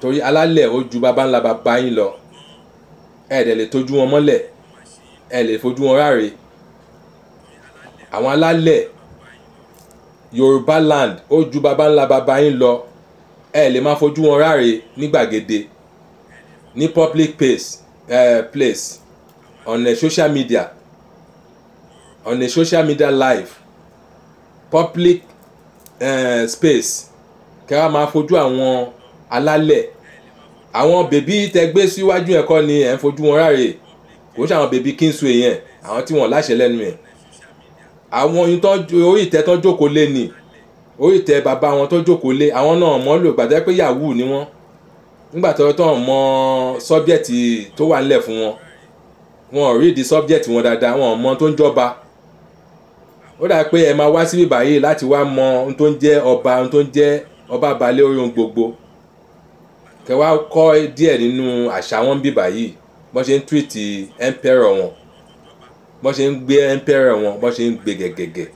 torí alálẹ̀ ó ju bàbá ńlá bàbá yín lọ ẹ dẹ̀ lè tójú wọn mọ́lẹ̀ ẹ lè fojú wọn ráre àwọn alálẹ̀ yorùbá land ó ju baba ńlá baba yín lọ ẹ lè máa fojú wọn ráre ní gbàgede ní public place, uh, place on a social media on a social media live public uh, space kí wọ́n máa fojú àwọn alálẹ̀ àwọn bèbí tẹgbẹ́ síwájú ẹ̀kọ́ ni ẹ̀ ń fojú wọn ráre kò ń ṣe àwọn bèbí kí n so èèyàn àwọn tí wọ́n láṣẹ lẹ́nu ẹ̀ àwọn oyin tó orí ìtẹ́ tó jókòó lé ni orí ìtẹ́ bàbá wọn tó jókòó lé àwọn náà mọ́ lò gbàdá pé yahoo ni wọ́n nígbà tó tó mọ sọ́bjẹ̀tì tó wà nílẹ̀ fún wọn wọn ò rí ìdí sọ́bjẹ̀tì wọn dáadáa wọn ò mọ tó ń jọba ó dà pé ẹ máa wá síbí báyìí láti wá mọ ohun tó ń jẹ́ ọba ohun tó ń jẹ́ ọba balẹ̀ orí ohun gbogbo kẹ wá kọ́ díẹ̀ nínú àṣà wọn bí báyìí bọ́n ṣe ń túwìtì emperor wọn bọ́n ṣe ń gbé emperor wọn bọ́n ṣe ń gbé gẹ̀gẹ̀gẹ̀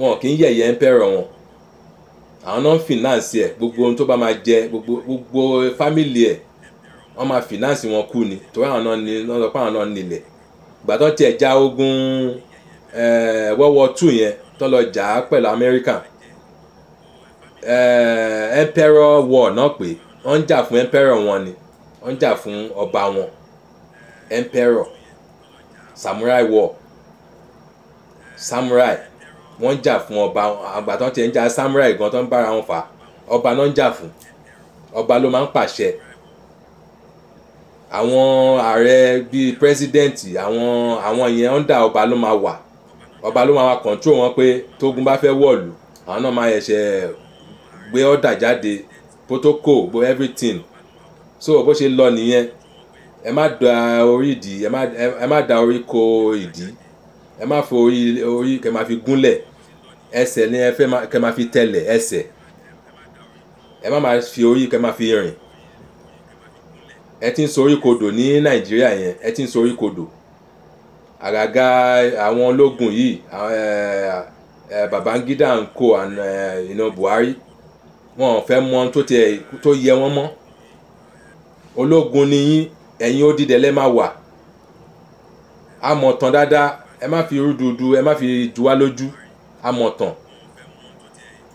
wọn kì í yẹ̀yẹ́ emperor wọn àwọn náà ń finance ẹ̀ gbogbo ohun tó bá máa jẹ gbogbo gbogbo famili ẹ̀ wọ́n máa wọn kú ni torí náà ní náà nílẹ̀ ìgbà tó tiẹ̀ já ogun eh, yẹn tó lọ jà á pẹ̀lú Amẹ́ríkà eh, wọ̀ náà pé wọ́n ń jà fún wọn ni wọ́n ń fún ọba wọn samurai war samurai wọ́n ń jà fún ọba àgbà tó ń tiẹ̀ ń jà samurai gan tó ń bára wọn fà ọba náà ń jà fún ọba ló máa ń pàṣẹ àwọn ààrẹ bíi pírẹsidẹ́ǹtì àwọn àwọn yẹn ń dà ọba ló máa wà ọba ló máa wà kọ̀ǹtró wọn pé tógun bá fẹ́ wọ̀lú àwọn náà máa ẹ̀ṣẹ̀ gbé ọ̀dà jáde protocol gbogbo everything so bó ṣe lọ nìyẹn ẹ má da orí ìdí ẹ má da orí ko ìdí ẹ má fi orí orí kẹ má fi gúnlẹ̀ ẹsẹ̀ ni ẹ fẹ́ kẹ má fi tẹ̀lẹ̀ ẹsẹ̀ ẹ má má fi orí kẹ má fi rìn ẹ ti ń sorí kodò ní nàìjíríà yẹn ẹ ti ń sorí kodò àgàgà àwọn ológun yìí babangida and co and you know, buhari wọn ò fẹ́ mọ tó yẹ wọ́n mọ́ ológun ni yín ẹ̀yin ó dídẹ lẹ́ máa wà a mọ̀ tán dáadáa ẹ má fi rúdurùdu ẹ má fi jù wá lójú a mọ̀ tán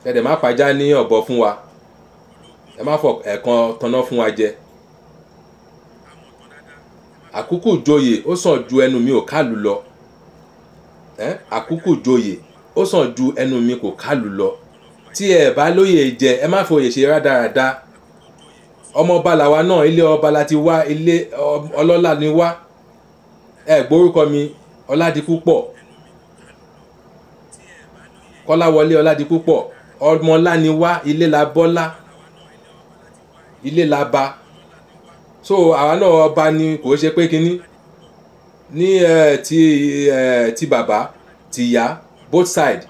ẹ dẹ̀ má pàjá ní ọ̀bọ fún wa ẹ má fọ ẹ̀kan tanná fún wa jẹ àkúkú joyè ó sàn ju ẹnu mi ò kálù lọ ẹ àkúkú joyè ó sàn ju ẹnu mi kò kálù lọ tí ẹ bá lóye jẹ ẹ má fi ṣe rádaràda ọmọ ọba làwa náà ilé ọba la ti wá ilé um, ọlọ́lá ni wá ẹ gbórúkọ mi ọládipúpọ̀ kọ́láwọlé ọládipúpọ̀ ọmọlá ni wá ilé la bọ́lá ilé la ba so àwa náà ọba ni kò ṣe pé kínní ní ẹ ti ẹ ti bàbá tìyá both sides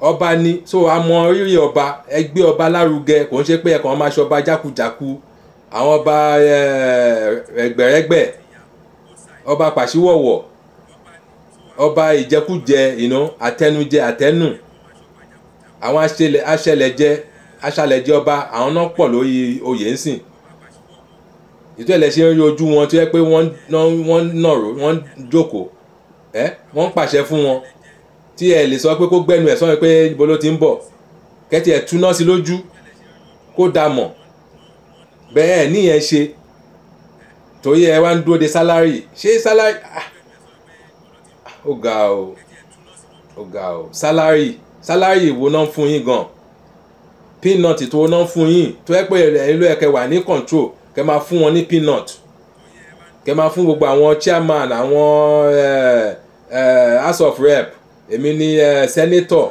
ọba ni so àmọ rírì ọba ẹgbẹ́ ọba lárugẹ kò ń ṣe pé ẹ̀kan máa ṣọba jákujàku àwọn ọba ẹgbẹ̀rẹ́gbẹ̀ ọba pàṣíwọ̀wọ̀ ọba ìjẹkújẹ ìná àtẹnujẹ àtẹnù àwọn aṣẹlẹjẹ aṣàlẹjẹ ọba àwọn náà pọ̀ lórí oyè ń sìn ètò ẹ̀lẹ́ ṣe ń rí ojú wọn tó yẹ pé wọ́n nàró wọ́n jókòó ẹ́ wọ́n ń pàṣẹ fún wọn tí ẹ lè sọ pé kó gbẹnu ẹ̀ sọ́yìn pé ibo ló ti ń bọ̀ kẹ́tì ẹ̀ túná sí lójú kó da mọ̀ bẹ́ẹ̀ níyẹn ṣe torí ẹ wá ń dúró de sálárì ṣé sálárì ah, ó ga o ó ga o sálárì sálárì ìwo náà ń fún yín gan peanut tó náà ń fún yín tó yẹ pé ìlú ẹ̀ kẹ́ wà ní control kẹ́ máa fún wọn ní peanut kẹ́ máa fún gbogbo àwọn chairman àwọn eh, eh, house of rep èmi ni eh, sẹ́nétọ̀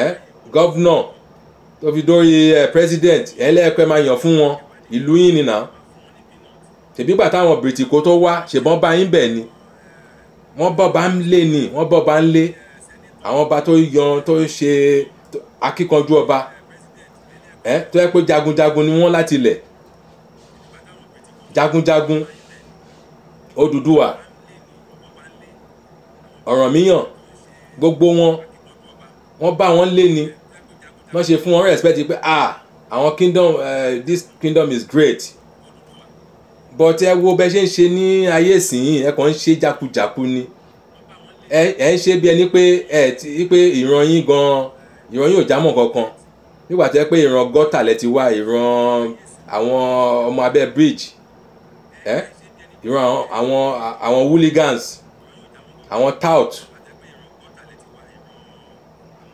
eh, gọ́vnà tó fi dórí eh, president ẹlẹ́ẹ̀pẹ́ máa yàn fún wọn ìlú yín nìna tèmígbà táwọn bìrìtìkó tó wá ṣèbọn bá yín bẹ̀ ni wọ́n bọ́ba ń lé ni wọ́n bọ́ba ń lé àwọn ọba tó yan tó ṣe akíkanjú ọba tó yẹ pé jagunjagun ni wọ́n láti lẹ̀ jagunjagun Odùduwà Ọ̀rànmíyàn gbogbo wọn wọ́n bá wọn lé ni wọ́n ṣe fún wọn respect pé ah àwọn kingdom uh, this kingdom is great but ẹ wo bẹ ṣe ń ṣe ní ayé ìsìn ẹ kàn ń ṣe jákujàku ni ẹ ń ṣe bí ẹni pé ẹ ti pé ìran yín gan ìran yín ò jámọ́ kankan nígbà tó yẹ pé ìran gọ́tà lẹ ti wá ìran àwọn ọmọ abẹ́ bridge ẹ ìran àwọn àwọn hooligans àwọn tout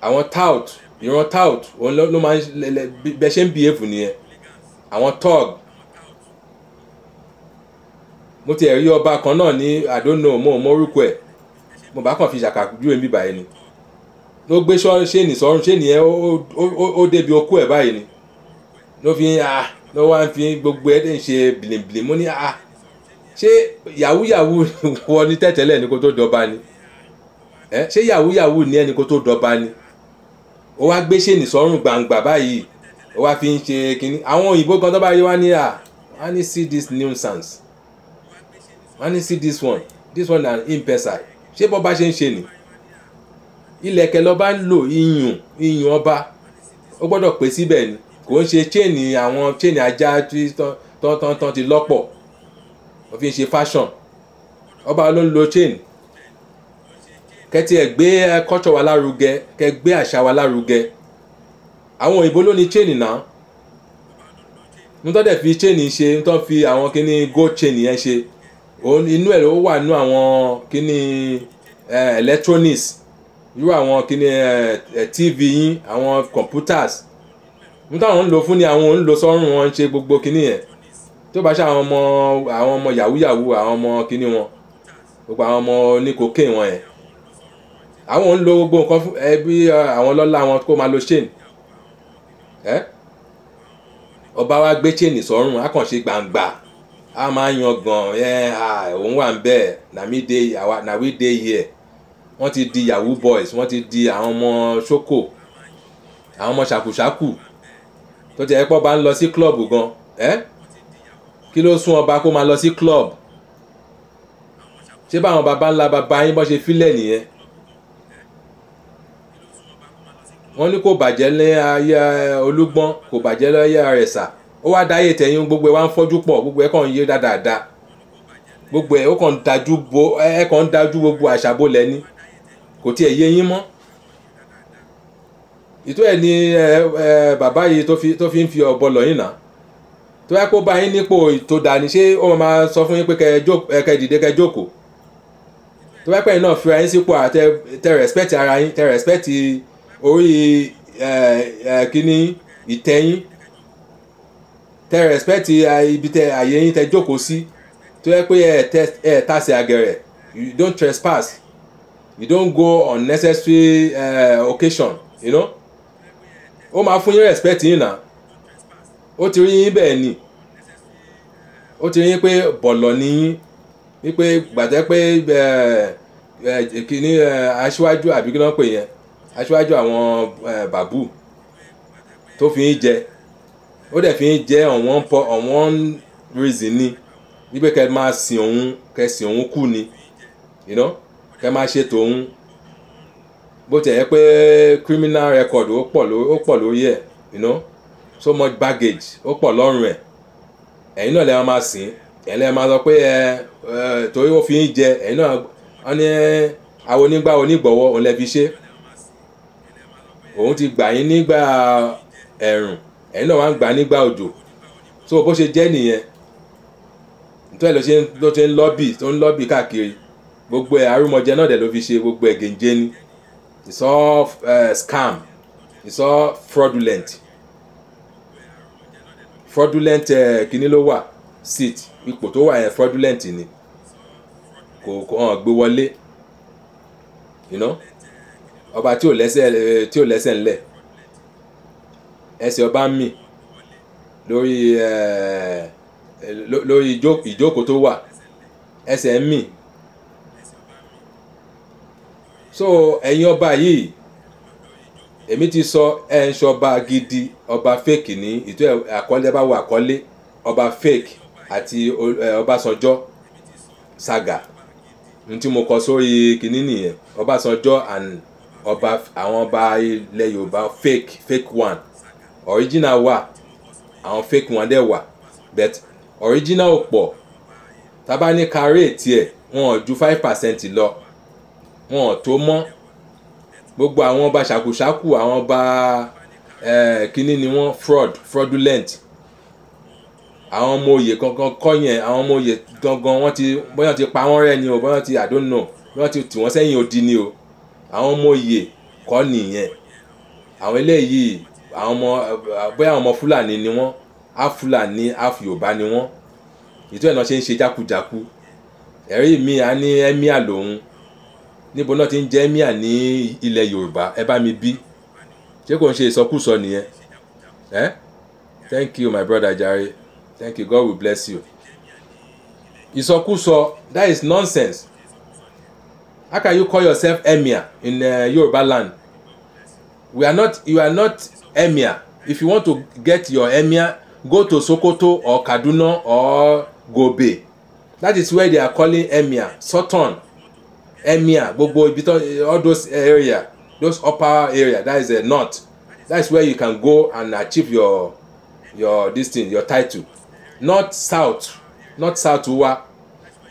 àwọn tout ìran tout òun ló máa ń bẹ ṣe ń behave nìyẹn àwọn tug mo ti ẹ̀rí ọba kan náà ní I don't know mo mọ orúkọ ẹ̀ mo bá kàn fi ṣàkàjú èmi báyìí ni ló gbé ṣéènì sọ́run ṣéènì ẹ̀ ó débi okú ẹ̀ báyìí ni ló fi ah ló wá ń fi gbogbo ẹ̀ ń ṣe bìlìbìlì mo ní ah ṣé yàwúyàwú wọ ní tẹ̀tẹ̀lẹ̀ ní kó tó dọba ni ṣé yàwúyàwú ní ẹni kó tó dọba ni. Eh? ó wá gbé ṣèènì sọ́rùn gbangba báyìí ó wá fi ń ṣe kínní àwọn òyìnbó kan tó bá rí wá ní à ah, wá ní see this nuisance wá ní see this one this one na impesa ṣé bọ́ bá ṣe ń ṣe ni ilẹ̀kẹ̀ lọ́ba ń lò iyùn iyùn ọba ó gbọ́dọ̀ pé síbẹ̀ ni kò ń ṣe chain àwọn chain ajá tán tán tán ti lọ́pọ̀ ó fi ń ṣe fashion ọba ló ń lo chain kẹ́tì ẹ̀ gbé culture wa lárugẹ kẹ́ gbé àṣà wa lárugẹ àwọn òyìnbó ló ní chain náà nítorí fi chain ṣe nítorí fi àwọn kíní gold chain yẹn ṣe inú ẹ̀ ló wà nínú àwọn kíní electronics irú àwọn kíní tv yín àwọn computers nítorí àwọn ń lò fún ni àwọn ń lò sọ́run wọn ń ṣe gbogbo kíní yẹn tó bá ṣe àwọn ọmọ àwọn ọmọ yahoo yahoo àwọn ọmọ kíní wọn gbogbo àwọn ọmọ oníkókè wọn yẹn àwọn ń lo gbogbo nǹkan fún ẹ bí àwọn lọ́la wọn kó máa lo chain ẹ ọba wa gbé chain sọ́rùn akànṣe gbangba a máa yan gan ẹ à òun wà ń bẹ Namide àwa nàwídé yẹ wọ́n ti di yahoo boys wọ́n ti di àwọn ọmọ ṣoko àwọn ọmọ ṣàkùṣàkù tó jẹ́ pọ́ bá ń lọ sí club gan ẹ kí ló sún ọba kó máa lọ sí club ṣé báwọn baba ńlá baba yín bọ́ ṣe fílẹ̀ nìyẹn wọ́n ní kò bàjẹ́ lé ayé eh, olúgbọ́n kò bàjẹ́ lé ayé rẹ̀ sà ó wá dáyé tẹ̀yìn gbogbo ẹ̀ wá ń fọ́jú pọ̀ gbogbo ẹ̀ kàn ń yé dáadáa gbogbo ẹ̀ ó kàn ń dájú bo ẹ̀ kàn ń dájú gbogbo àṣàbò lẹ́ni kò tiẹ̀ yé yín mọ́ ìtò ẹ̀ ni bàbá yìí tó fi ń fi ọ̀bọ lọ yín náà tó yẹ kó bá yín nípò tó dáa ni ṣé ó máa sọ fún yín pé kẹ dìde kẹ jókòó tó yẹ pé náà fi ara yín sípò àtẹ respect ara yín tẹ respect. Ara, orí kíní ìtẹ́yìn tẹ respect ibi tẹ àyè yín tẹ jókòó sí tó yẹ pé ẹ tàsẹ̀ you don't trespass you don't go unnecessary uh, occasion you know ó máa fún yín respect yín na ó ti rí yín bẹ́ẹ̀ ni ó ti rí yín pé bọ̀lọ̀ ni yín wípé gbàjẹ́ pé kíní aṣíwájú àbí kí ló ń pè yẹn aṣíwájú àwọn eh, bàbú tó fi ń jẹ ó dẹ̀ fi ń jẹ ọ̀wọ́n pọ ọ̀wọ́n reason ni wípé kẹ máa sìn òun kẹ sìn òun kú ni you know? kẹ máa ṣe tòun bó tẹ̀ yẹ pé criminal record ó pọ̀ lórí ẹ̀ you know? so much baggage ó pọ̀ lọ́rùn ẹ̀ ẹ̀yin náà lẹ́yìn máa sìn ẹ̀yin lẹ́yìn máa sọ pé ẹ eh, eh, torí ó fi ń jẹ ẹ̀yin náà wọ́n ní àwọn onígbà onígbọ̀wọ́ òun lẹ́ fi ṣe òun ti gbà yín nígbà ẹ̀rùn ẹ̀yin náà wá ń gbà nígbà òjò so bó ṣe jẹ́ nìyẹn nítorí ló ṣe ló ṣe ń lọ́bì tó ń lọ́bì káàkiri gbogbo ẹ̀ arúmọjẹ náà dẹ̀ ló fi ṣe gbogbo ẹ̀ gèǹjẹ ni it's all eh, scam it's all fraudulent fraudulent uh, eh, kíní ló wà seat ipò tó wà yẹn fraudulent ni kò kò hàn gbé wọlé you know ọba tí ò lẹ́sẹ̀ tí ò lẹ́sẹ̀ ńlẹ̀ ẹsẹ̀ ọba ń mì lórí lórí ìjókòó tó wà ẹsẹ̀ ń mì so ẹ̀yin ọba yìí èmi ti sọ ẹ̀ ń ṣọba gidi ọba fake ní ìtú àkọlé bá wà àkọlé ọba fake àti Ọbásanjọ́ saga ntí mo kọ sórí kínní nìyẹn Ọbásanjọ́ and ọba àwọn ọba ilẹ̀ yorùbá fake fake one original wà àwọn fake one dẹ̀ wà but original ò pọ̀ tábà ní kárẹ́ tiẹ̀ wọn ò ju five percent lọ wọn ò tó mọ́ gbogbo àwọn ọba ṣàkúṣàkù àwọn ọba eh, kínní ni wọ́n fraud fraudulent àwọn ọmọ òye kankan kọ́ yẹn àwọn ọmọ òye gangan wọ́n ti bóyá ti pa wọ́n rẹ́ ni o bóyá ti I don't know bóyá ti tì wọ́n sẹ́yìn odi ni o àwọn ọmọ òye kọ́ nìyẹn àwọn eléyìí àwọn ọmọ bóyá àwọn ọmọ fúlàní ni wọ́n á fúlàní á yorùbá ni wọ́n ìtú ẹ̀ náà ṣe ń ṣe jákujàku ẹ̀rí mi á ní ẹ́míà lòun níbo náà ti ń jẹ́ ẹ́míà ní ilẹ̀ yorùbá ẹ bá mi bí ṣé kò ń ṣe ìsọkúsọ nìyẹn ẹ́ thank you my brother jare thank you god will bless you ìsọkúsọ that is nonsense How can you call yourself emir in uh, Yoruba land? We are not, you are not emir. If you want to get your emir, go to Sokoto or Kaduna or Gobe. That is where they are calling emir, Sultan, emir, gbogbo ibi all those area, those upper area, that is the uh, north. That is where you can go and achieve your your this thing, your title. North south, north south wa,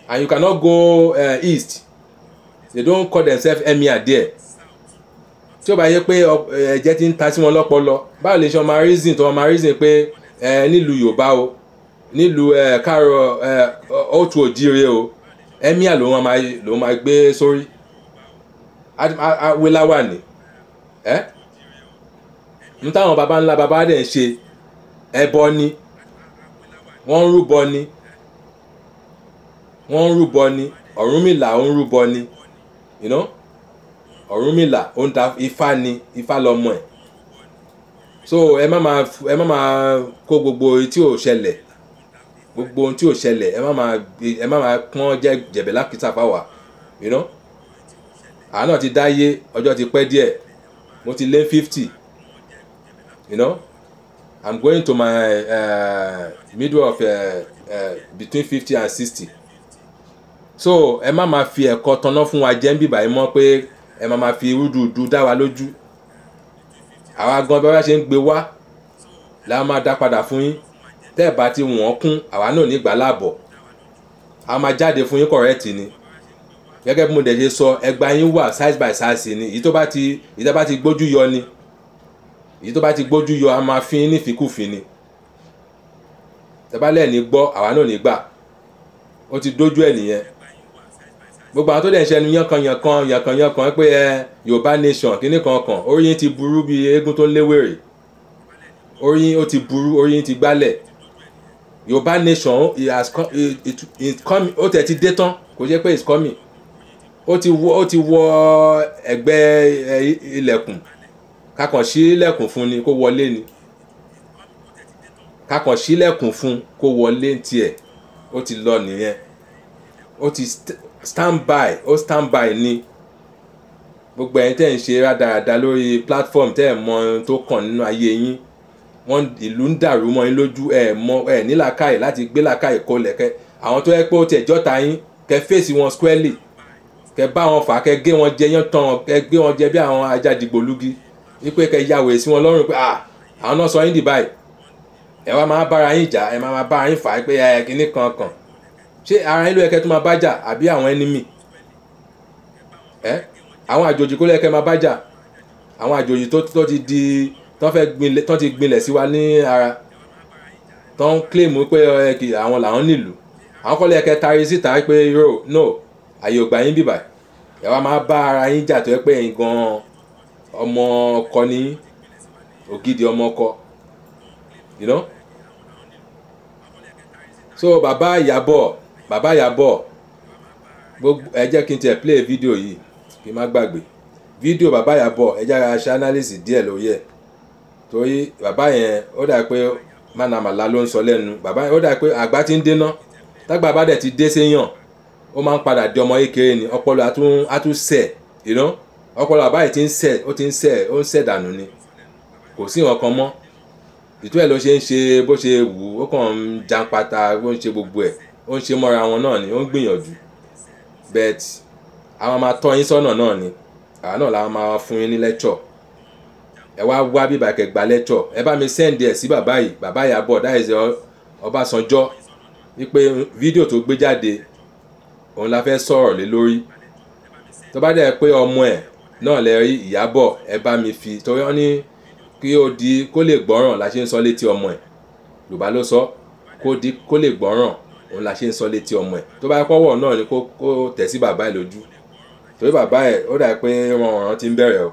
and you cannot go uh, east they don't call themselves emir there tí ó bá yẹ pé ẹ̀jẹ̀ ti ń ta sí wọn lọ́pọlọ báwo lè ṣe ọmọ reason tó ọmọ reason pé ẹ nílùú yorùbá o nílùú ẹ káàrọ ẹ ọtún òjíire o emir ló wọn máa ló máa gbé sórí awéláwà ni ẹ n táwọn baba ńlá baba dẹ̀ ń ṣe ẹbọ ni wọ́n ń rúbọ ni wọ́n ń rúbọ ni Ọ̀rúnmìlà ń rúbọ ni you know ọ̀rúnmìlà ó ń ta ifá ni ifá lọ́mọ ẹ̀ so ẹ má máa ẹ má máa kó gbogbo tí ò ṣẹlẹ̀ gbogbo ohun tí ò ṣẹlẹ̀ ẹ má máa ẹ má máa pọ́n jẹ́ jẹ̀bẹ̀ lápítà fáwa you know àá náà ti dáyé ọjọ́ ti pẹ́ díẹ̀ mo ti lé fifty you know i'm going to my uh, middle of uh, uh, between fifty and sixty so ẹ má máa fi ẹ̀kọ́ tanná fún wa jẹ́ ń bìbà yìí mọ́ pé ẹ má máa fi rúdurùdu dá wa lójú àwa gan bí wọ́n ṣe ń gbé wá la máa dá padà fún yín tẹ́ ẹ̀ bá ti wọ̀n kún àwa náà ní ìgbà láàbọ̀ a máa jáde fún yín kọ̀rẹ́ẹ̀tì ni gẹ́gẹ́ bí mo dẹ̀ ṣe sọ ẹgbà yín wà size by size ni èyí tó bá ti èyí tó bá ti gbójú yọ ni èyí tó bá ti gbójú yọ a máa fi yín nífìkúfì ni tẹ́ bá lẹ́ẹ̀ ní gbọ́ àwa náà ní ó ti dójú ẹ̀ nìyẹn gbogbo àwọn tó dẹ̀ ń ṣẹnu yànkan-yànkan yànkan-yànkan pé ẹ yorùbá nation kínní kankan oríyìn ti burú bí eégún tó ń léwèrè oríyìn ó ti burú oríyìn ti gbálẹ̀ yorùbá nation it has come it it come ó tẹ̀ ti dé tán kò jẹ́ pé it's coming ó ti wọ ó ti wọ ẹ̀gbẹ́ ilẹ̀kùn kakàn sí ilẹ̀kùn fún ni kó wọlé ni kakàn sí ilẹ̀kùn fún kó wọlé tiẹ̀ ó ti lọ nìyẹn ó ti stand by ó stand by ni gbogbo ẹ̀yin tẹ́ ń ṣe rádaràda lórí platform tẹ́ ẹ̀ mọ ohun tó kàn nínú ayé yín wọ́n ìlú ń dàrú mọ́ yín lójú ẹ̀ mọ ẹ̀ nílàkàyè láti gbé làkàyè kọlẹ̀ kẹ́ àwọn tó yẹ pé ó tiẹ̀ jọ́ta yín kẹ́ fèsì wọn squarely kẹ́ bá wọn fà kẹ́ gé wọn jẹ yán tán kẹ́ gé wọn jẹ bí àwọn ajá dìgbòlugi wípé kẹ́ yàwó èsì wọn lọ́rùn pé àwọn náà sọ yín dì báyìí ẹ wá máa bára yín jà ẹ máa bára yín fà á pé ẹ kíní kan kàn ṣé ara yín ló yẹ kẹ́ tó máa bájà àbí àwọn ẹnìmì ẹ àwọn àjòjì kó ló yẹ kẹ́ máa bájà àwọn àjòjì tó ti di tán fẹ́ gbilẹ̀ tán ti gbilẹ̀ sí wa ní ara tán ń kílèmù pé àwọn làwọn nílùú àwọn kọ́ ló yẹ kẹ́ taari síta pé yóò no àyè ò gbà yín bìbà ẹ wá máa bá ara yín jà tó yẹ pé ẹ̀yin gan ọmọ ọkọ ní ògidì ọmọ ọkọ you know so bàbá Ìyábọ̀ bàbá Ìyábọ̀ gbogbo ẹ jẹ́ kí n tiẹ̀ play video yìí kí n má gbàgbé fídíò bàbá Ìyábọ̀ ẹ jẹ́ ara ṣe analysis díẹ̀ lórí ẹ̀ torí bàbá yẹn ó dà pé mànàmàlà ló ń sọ lẹ́nu bàbá yẹn ó dà pé àgbà ti ń déná tágbà bá dẹ̀ ti dé séyàn ó máa ń padà di ọmọ kékeré ni ọpọlọ àtúnṣẹ̀ you know ọpọlọ bàbá yìí ti ń ṣẹ̀ ó ti ń ṣẹ̀ ó ń ṣẹ̀ dànù ni kò sí nǹkan kan mọ́ ìtú ẹ̀ ló ṣe ń ṣe bó ṣe wù ó kàn ń jan pata bó ń ṣe gbogbo ẹ̀ ó ń ṣe mọ́ra wọn náà ni ó ń gbìyànjú but àwọn máa tọ́ yín sọ́nà náà ni àwọn náà làwọn máa fún yín ní lecture ẹ wá wá bíbá kẹgbà lecture ẹ bá mi send ẹ sí bàbá yìí bàbá yìí àbọ̀ dáìsẹ̀ Ọbásanjọ́ wípé fídíò tó gbé jáde òun la fẹ́ sọ̀rọ̀ lé lórí tó bá dẹ̀ pé ọmọ ẹ̀ náà lè rí Ìyábọ̀ ẹ bá mi fi torí wọn ní kí ó di kó lè gbọ́ràn la ṣe ń sọ létí ọmọ ẹ̀ Yorùbá ló sọ kó di kó lè gbọ́ràn òun la ṣe ń sọ létí ọmọ ẹ̀ tó bá pọ́wọ́ náà ni kó tẹ̀ sí bàbá ẹ̀ lójú torí bàbá ẹ̀ ó dà pé wọn ọ̀ràn ti ń bẹ̀rẹ̀ o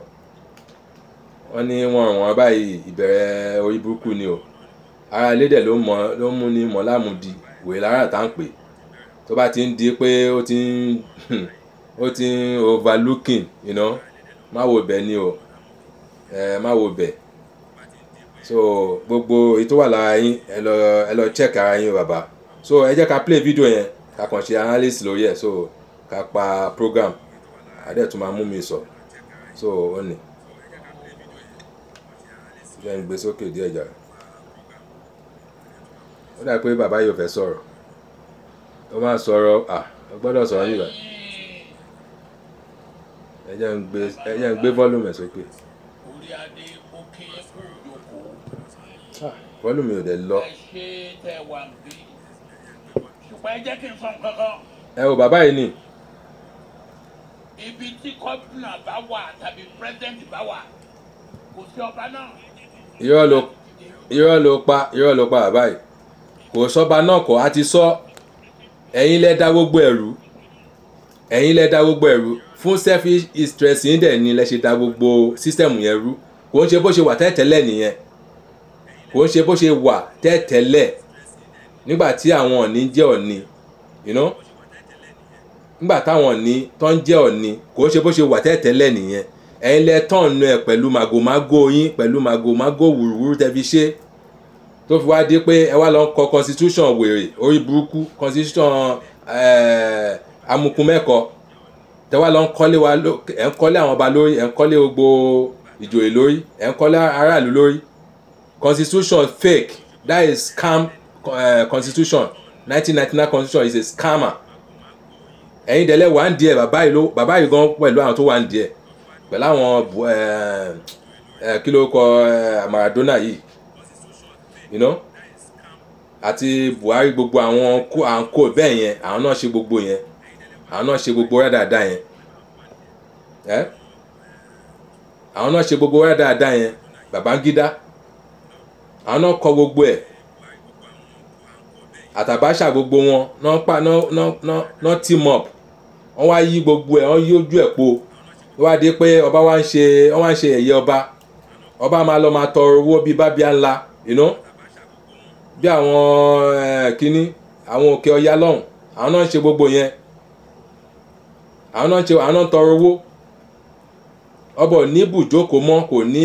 wọ́n ní wọn ọ̀ràn báyìí ìbẹ̀rẹ̀ orí burúkú ni o ara lédè ló mọ ló mú ni mọ̀lámùdì wèé lára tá à ń pè tó bá ti ń di pé ó ti ń ó ti ń overlooking you know má wo bẹ̀ ni o ẹ má wo bẹ̀ so gbogbo èyí tó wà lára yín ẹ lọ ẹ lọ check ara yín bàbá so ẹ jẹ́ ká play video yẹn ká kàn ṣe analysis lórí ẹ̀ so ká pa program adé tún máa mú mi sọ so ó nì jẹ́ ń gbé sókè díẹ̀ jà ó dà pé bàbá yóò fẹ́ sọ̀rọ̀ ó máa sọ̀rọ̀ à ó gbọ́dọ̀ sọ̀rọ̀ yìí rẹ̀ ẹ jẹ́ ń gbé ẹ jẹ́ ń gbé volume ẹ̀ sókè volume ò dẹ̀ lọ pẹ́ jẹ́ kí n sọ nǹkan kan. ẹ o bàbá yìí ni. ibi tí gómìnà bá wà tàbí pírẹsidẹ́ǹtì bá wà kò sí ọba náà. irọ́ ló irọ́ ló pa irọ́ ló pa bàbá yìí kò sọ́ba náà kọ́ a ti sọ ẹ̀yin lẹ dá gbogbo ẹ̀rú ẹ̀yin lẹ dá gbogbo ẹ̀rú fún selfish interest yín dẹ̀ ni lẹ ṣe dá gbogbo sísẹ̀mù yẹn rú kò ń ṣe bó ṣe wà tẹ́tẹ́lẹ̀ nìyẹn kò ń ṣe bó ṣe wà tẹ́tẹ́lẹ̀ nígbà tí àwọn ọ̀ní jẹ́ ọ̀ní you know nígbà táwọn ọ̀ní tó ń jẹ́ ọ̀ní kò ṣe bó ṣe wà tẹ́tẹ́lẹ̀ nìyẹn ẹ̀yin lẹ tán nu ẹ̀ pẹ̀lú màgòmágó yín pẹ̀lú màgòmágó wùrúwúrú tẹ́ fi ṣe tó fi wá dé pé ẹ wá lọ kọ constitution wèrè orí burúkú constitution eh, amukumẹ́kọ tẹ́ wá lọ ń kọ́lé wa ẹ̀ ń kọ́lé àwọn ọba lórí ẹ̀ ń kọ́lé gbogbo ìjòyè lórí ẹ̀ ń kọ́lé aráàlú lórí constitution fake that is scam Eh, constitution 1999 constitution is a scammer ẹ̀yin dẹ̀lẹ́ wà ń díẹ̀ bàbá yìí ló bàbá yìí gan pẹ̀lú àwọn tó wà ń díẹ̀ pẹ̀lú àwọn eh, eh, kí ló kọ Maradona yìí you know àti Buhari gbogbo àwọn à ń kó bẹ́ẹ̀ yẹn àwọn náà ṣe gbogbo yẹn àwọn náà ṣe gbogbo rádàdà yẹn ẹ àwọn náà ṣe gbogbo rádàdà yẹn Babangida àwọn náà kọ gbogbo ẹ̀ àtàbáṣà gbogbo wọn náà pa náà team up wọ́n wá yí gbogbo ẹ̀ wọ́n yí ojú ẹ̀ po wọ́n wá dé pé ọba wá ń ṣe wọ́n wá ń ṣe ẹ̀yẹ ọba ọba máa lọ máa tọrọ owó bíi bábíà ńlá you know bí àwọn eh, kínní àwọn òkè ọya lọ́hùn àwọn náà ń ṣe gbogbo yẹn àwọn náà ń ṣe àwọn náà ń tọrọ owó ọbọ ní ibùjókòó mọ́ kò ní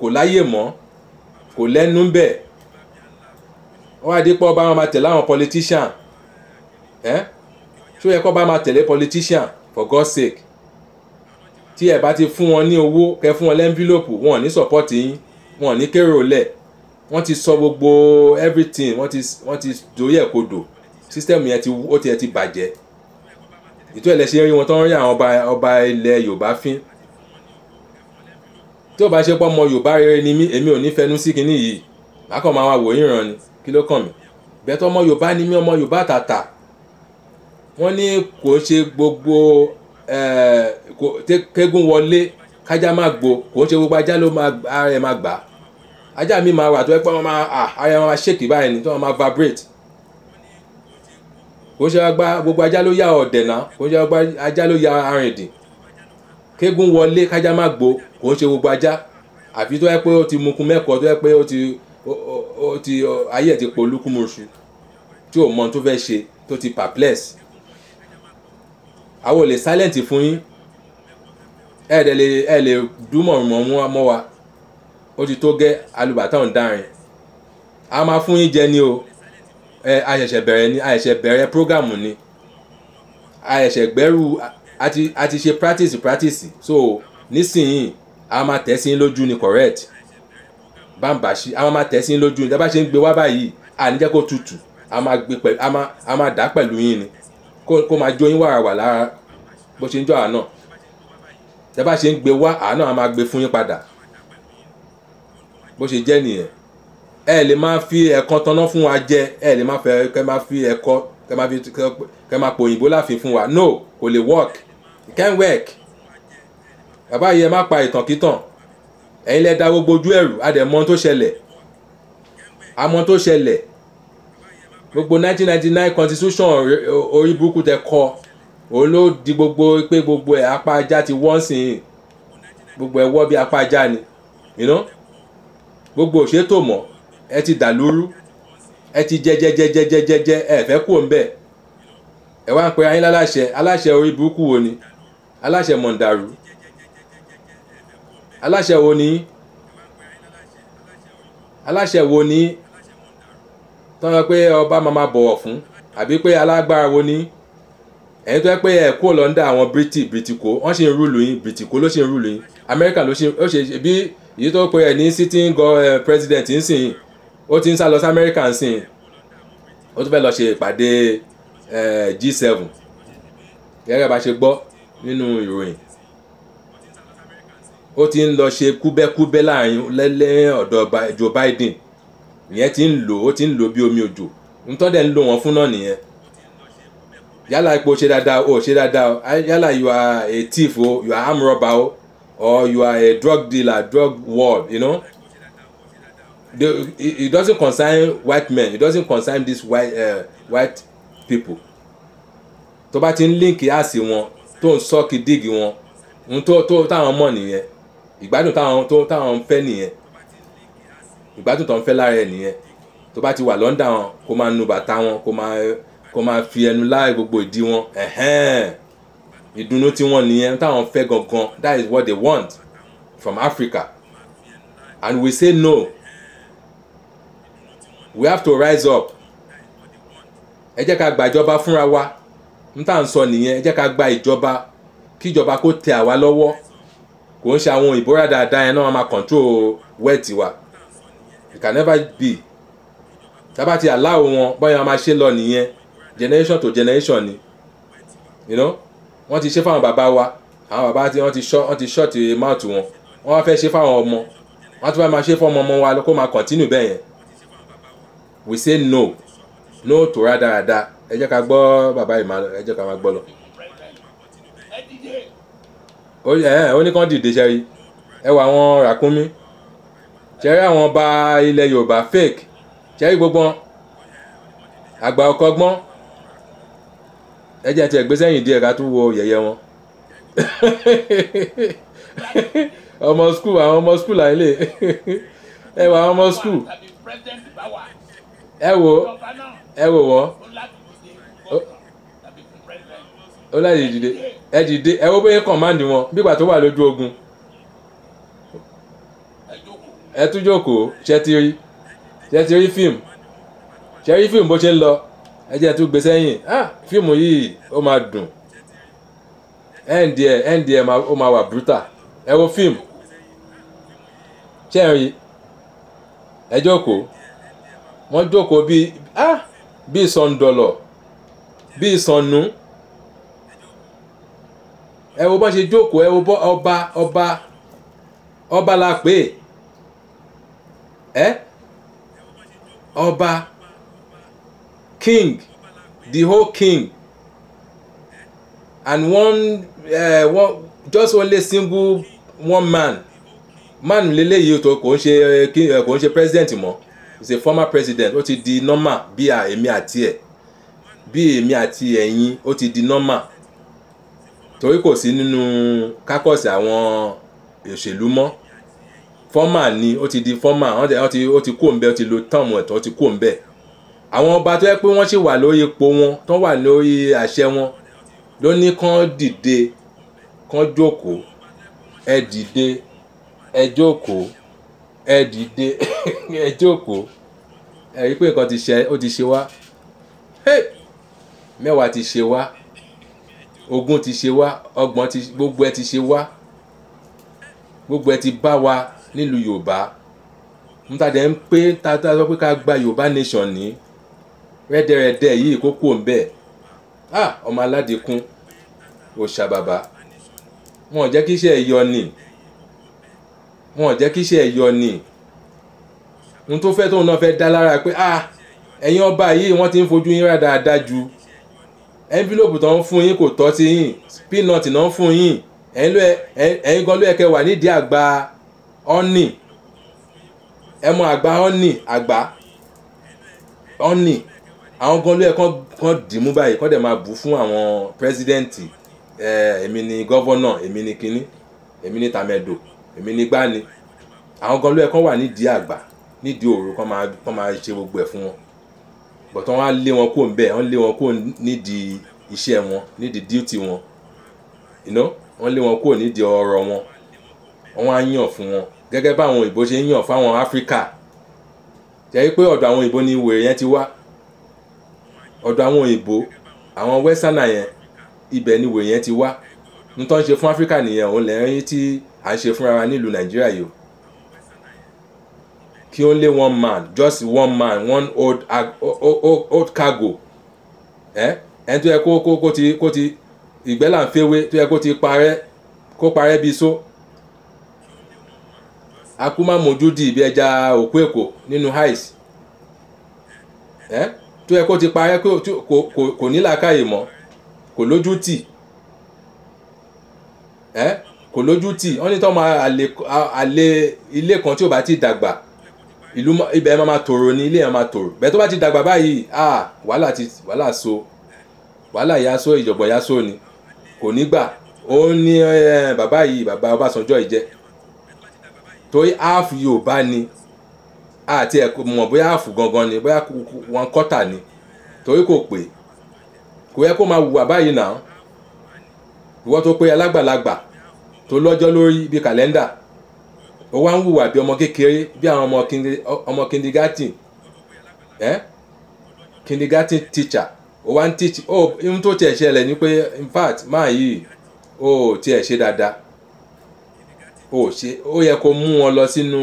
kò láyè mọ́ kò lẹ́nu bẹ́ẹ̀ wọ́n á dé pé ọba máa tẹ̀lé àwọn politician ẹ́ ṣó yẹ kó ọba máa tẹ̀lé politician for God's sake tí ẹ bá ti fún wọn ní owó kẹ fún wọn lẹ́ńfílòpù wọn ò ní support yín wọn ò ní kérò lẹ̀ wọ́n ti sọ gbogbo everything wọ́n ti wọ́n ti dòyẹ̀ kodò system yẹn ti ó tiẹ̀ ti bàjẹ́ ètò ẹ̀ lẹ ṣe rí wọn tó ń rí àwọn ọba ilẹ̀ Yorùbá fín tí ò bá ṣe pọ́ ọmọ Yorùbá rere ni mí èmi ò ní fẹnu sí kinní yìí màá máa wá wòyìn ràn ni kí ló kàn mí bẹ́tọ̀ ọmọ yorùbá ni mí ọmọ yorùbá tàtà wọ́n ní kò ṣe gbogbo kégún wọlé kájá máa gbó kò ṣe gbogbo ajá ló ara ẹ̀ máa gbà ajá mi máa wà tó ẹ́ pé wọ́n máa ara ẹ̀ máa ṣèkì báyìí ni tó wọ́n máa vibrate kò ṣe agbá gbogbo ajá ló yá ọ̀dẹ̀ náà kò ṣe agbá ajá ló yá arìndìn kégún wọlé kájá máa gbó kò ṣe gbogbo ajá àfi tó ẹ́ pé ó ti mukun mẹ́kọ̀ọ́ tó ẹ́ pé ó ti ó ti ayé ẹ̀ ti po olúkúmọ̀ṣù tí ò mọ tó fẹ́ ṣe tó ti perplex àwọn ò lè silent fún yín ẹ ẹ̀ lè ẹ lè dúmọ̀ mọ̀ mọ́ wa ó ti tó gẹ́ alùbàtà ń dárin a máa fún yín jẹ ni o ẹ a ṣẹ̀ṣẹ̀ bẹ̀rẹ̀ ni a ṣẹ̀ṣẹ̀ bẹ̀rẹ̀ ni a ṣẹ̀ṣẹ̀ gbẹ́rù a ti ṣe practice practice so nísìnyí a máa tẹ̀ sí lójú ni correct bámbàṣí a máa tẹ̀ sí lójú ìjọba ṣe ń gbé wá báyìí àníjẹ́ kó tutù a máa gbé pẹ̀lú a máa dà pẹ̀lú yín ni kó máa jó yín wàràwà lára bó ṣe ń jọ àná ìjọba ṣe ń gbé wá àná a máa gbé fún yín padà bó ṣe jẹ́ nìyẹn ẹ lè máa fi ẹ̀kan tanná fún wa jẹ ẹ lè máa fẹ́ kẹ́ máa fi ẹ̀kọ́ kẹ́ máa fi kẹ́ máa pò òyìnbó láàfin fún wa no kò lè work it can work bàbá yìí ẹ má pa ìtàn kítàn ẹ̀yin lẹ da gbogbo ojú ẹ̀rù àdẹ̀mọ tó ṣẹlẹ̀ àmọ tó ṣẹlẹ̀ gbogbo 1999 constitution orí burúkú tẹ kọ òun ló di gbogbo pé gbogbo ẹ̀ apá ajá ti wọ́n sìn ín gbogbo ẹ̀ wọ́ bí apá ajá ni you know? gbogbo òṣètò mọ̀ ẹ ti dà lóru ẹ ti jẹjẹjẹjẹjẹjẹ ẹ fẹ́ kú òun bẹ́ẹ̀ ẹ wá ń pe ayé láláṣẹ aláṣẹ orí burúkú wo ni aláṣẹ mọ̀ǹdàrú aláṣẹ wo ni aláṣẹ wo ni tọ́wọ́ pé ọba máa ma bọ̀wọ̀ fún àbí pé alágbára wo ni ẹ̀yin tó yẹ pé ẹ̀ kúrò lọ́ndà àwọn british britiko wọ́n ṣe ń rúlu yín britiko ló ṣe ń rúlu yín america ló ṣe ó ṣe bí èyí tó pe ẹ̀ ní sitting go president ń sìn ó ti ń sá lọ sí america ń sìn ó tún fẹ́ lọ ṣe ìpàdé g7 gẹ́gẹ́ bá ṣe gbọ́ nínú ìròyìn ó ti ń lọ ṣe kúbẹ́kúbẹ́ láàrin lẹ́lẹ́ ọ̀dọ̀ Joe Biden ìyẹn ti ń lò ó ti ń lò bí omi òjò ń tọ́ dẹ̀ ń lò wọ́n fún náà nìyẹn yálà ipò ṣe dáadáa o ṣe dáadáa o yálà you are a thief o you are arm robber o or you are a drug dealer drug world you know the it, doesn't concern white men it doesn't concern these white uh, white people tó bá ti ń líǹkì àsì wọn tó ń sọ́ọ̀kì díìgì wọn ń tó tó táwọn mọ̀ nìyẹn ìgbádùn táwọn tó táwọn ń fẹ́ nìyẹn ìgbádùn tó ń fẹ́ lára ẹ̀ nìyẹn tó bá ti wà lọ́ndà wọn kó máa nu bàtà wọn kó máa kó máa fi ẹnu láì gbogbo ìdí wọn ìdùnnú tí wọ́n nìyẹn táwọn fẹ́ gangan that is what they want from Africa and we say no we have to rise up ẹ jẹ́ ká gba ìjọba fúnra wa n tá à ń sọ nìyẹn ẹ jẹ́ ká gba ìjọba kí ìjọba kó tẹ àwa lọ́wọ́ kò ń ṣe àwọn ìbora dáadáa yẹn náà máa control wẹ́ẹ̀tì wa it can never be tábà ti aláwọ̀ wọn báyọ̀ wọn máa ṣe lọ nìyẹn generation to generation ni you know wọ́n ti ṣe fáwọn bàbá wa àwọn bàbá tí wọ́n ti ṣọ́ wọ́n ti ṣọ́ ti máàtù wọn wọ́n wá fẹ́ ṣe fáwọn ọmọ wọ́n tún fẹ́ máa ṣe fún ọmọ ọmọ wa kó máa continue bẹ́ẹ̀ yẹn we say no no to rádaràda ẹ jẹ́ ká gbọ́ bàbá Emmanuel ẹ jẹ́ ká máa gbọ́ lọ ó ní kán dìde ṣẹ́rí ẹ wà àwọn ràkúnmí ṣẹ́rí àwọn ọba ilẹ̀ yorùbá fake ṣẹ́rí gbogbo àgbà ọkọ̀gbọ́n ẹ jẹ́ ti ẹ̀gbẹ́ sẹ́yìn díẹ̀ ká tún wo yẹ̀yẹ́ wọn ọmọ skul àwọn ọmọ skul à ń lè ẹ wà àwọn ọmọ skul ẹ wò ẹ wò wọ́n ó láyè dìde ẹ dìde ẹ wo bóyá kọ̀mándì wọn bígbà tó wà lójú ogun ẹ tún jókòó ṣe ti rí ṣe ti rí fíìmù ṣe rí fíìmù bó ṣe ń lọ ẹ jẹ́ tún gbé sẹ́yìn ah fíìmù yìí ó máa dùn ẹ̀ǹdì ẹ̀ ẹ̀ǹdì ẹ̀ ó máa wà brutal ẹ wo fíìmù ṣe ń rí ẹ jókòó wọ́n jókòó bíi ah bíi sọ̀ndọ̀lọ̀ bíi sọ̀nù ẹ wo bó ṣe jókòó ẹ wo bó ọba ọba ọba la pè ẹ ọba king the whole king and one, uh, one just only single one man man leléyìí tó kò ń ṣe kò ń ṣe president mọ́ is a former president ó ti di normal bí èmi àti ẹ̀ bí èmi àti ẹ̀yin ó ti di normal torí kò sí nínú kákọ́ọ̀sì àwọn òṣèlú mọ́ fọ́mà ni ó ti di fọ́mà ó ti kú òǹbẹ́ ó ti lo tọ́ọ̀mù ẹ̀tọ́ ó ti kú òǹbẹ́ àwọn ọba tó yẹ pé wọ́n sì wà lórí ipò wọn tó wà lórí àṣẹ wọn ló ní kán dìde kán jókòó ẹ dìde ẹ jókòó ẹ dìde ẹ jókòó ẹ rí pé nǹkan ti ṣe ó ti ṣe wá mẹ́wàá ti ṣe wá ogún ti ṣe wá ọgbọ̀n ti gbogbo ẹ ti ṣe wá gbogbo ẹ ti bá wa nílùú yorùbá n ta dẹ̀ ń pé ta ta sọ pé ká gba yorùbá nation ní rẹ́dẹ̀rẹ́dẹ̀ yìí kó ń bẹ̀ ah ọmọ aládìkún òòṣà bàbá wọn ò jẹ́ kí iṣẹ́ ẹ̀ yọ ni wọn ò jẹ́ kí iṣẹ́ ẹ̀ yọ ni n tó fẹ́ tóun náà fẹ́ dá lára pé ah ẹ̀yin ọba yìí wọ́n ti ń fojú yín rà dáadáa ju envelope tó ń fún yín kò tọ́ sí yín peanut náà ń fún yín ẹ̀yin gan ló yẹ kẹ́ wà nídìí àgbà ọ́nì ẹ mọ àgbà ọ́nì àgbà ọ́nì àwọn gan ló yẹ kán dìímú báyìí kán dẹ̀ máa bù fún àwọn pírẹsidẹ́ǹtì èmi ni gọ́vọ́nà èmi ni kínní èmi ni tàmẹ̀dò èmi ni gbani àwọn gan ló yẹ kán wà nídìí àgbà nídìí òru kán máa ṣe gbogbo ẹ̀ fún wọn but wọ́n á lé wọn kó ń bẹ̀ wọ́n lé wọn kó nídìí iṣẹ́ wọn nídìí duty wọn you know wọ́n lé wọn kó nídìí ọ̀rọ̀ wọn wọ́n á yàn fún wọn gẹ́gẹ́ báwọn òyìnbó ṣe ń yàn fáwọn áfíríkà jẹ́ pé ọ̀dọ̀ àwọn òyìnbó ni wèrè yẹn ti wá ọ̀dọ̀ àwọn òyìnbó àwọn westerner yẹn ibẹ̀ ni wèrè yẹn ti wá nítorí ṣe fún áfíríkà nìyẹn òun lẹ́yìn tí à ń ṣe fúnra wa nílùú nàìjíríà yìí kí only one man just one man one old old cargo ẹ ẹni tó yẹ kó kó kó ti kó ti ìgbẹ́lànfẹ́wé tó yẹ kó ti parẹ́ kó parẹ́ bíi só akumamojú-dì ibi ẹja òkú èkó nínú hais ẹ tó yẹ kó ti parẹ́ kó kò ní làákàyè mọ́ kò lójú tì ẹ kò lójú tì wọ́n ní tọ́ àlè ilé kan tí ò bá ti dàgbà ìlú ibẹ̀ máa ma tòrò ní ilé yẹn máa tòrò bẹ́ẹ̀ tó bá ti dàgbà báyìí ah wàhálà ti wàhálà so wàhálà yaso ìjọ̀gbọ̀n yaso ni kò ní gbà ó ní bàbá yìí bàbá Ọbásanjọ́ ìjẹ torí áàfù Yorùbá ni àti ẹ̀kọ́ mọ̀ bóyá áàfù gangan ni bóyá wọn kọ́tà ni torí kò pé kò yẹ kó máa wùwà báyìí náà ìwọ tó pé alágbàlagbà tó lọ́jọ́ lórí bíi kàlẹ́ndà ó wá ń hùwà bí ọmọ kékeré bí àwọn ọmọ kindergarten ẹ kindergarten teacher ó wá ń teach ó ohun tó tiẹ̀ ṣẹlẹ̀ ni pé in fact máa yìí ó tiẹ̀ ṣe dáadáa ó ṣe ó yẹ kó mú wọn lọ sínú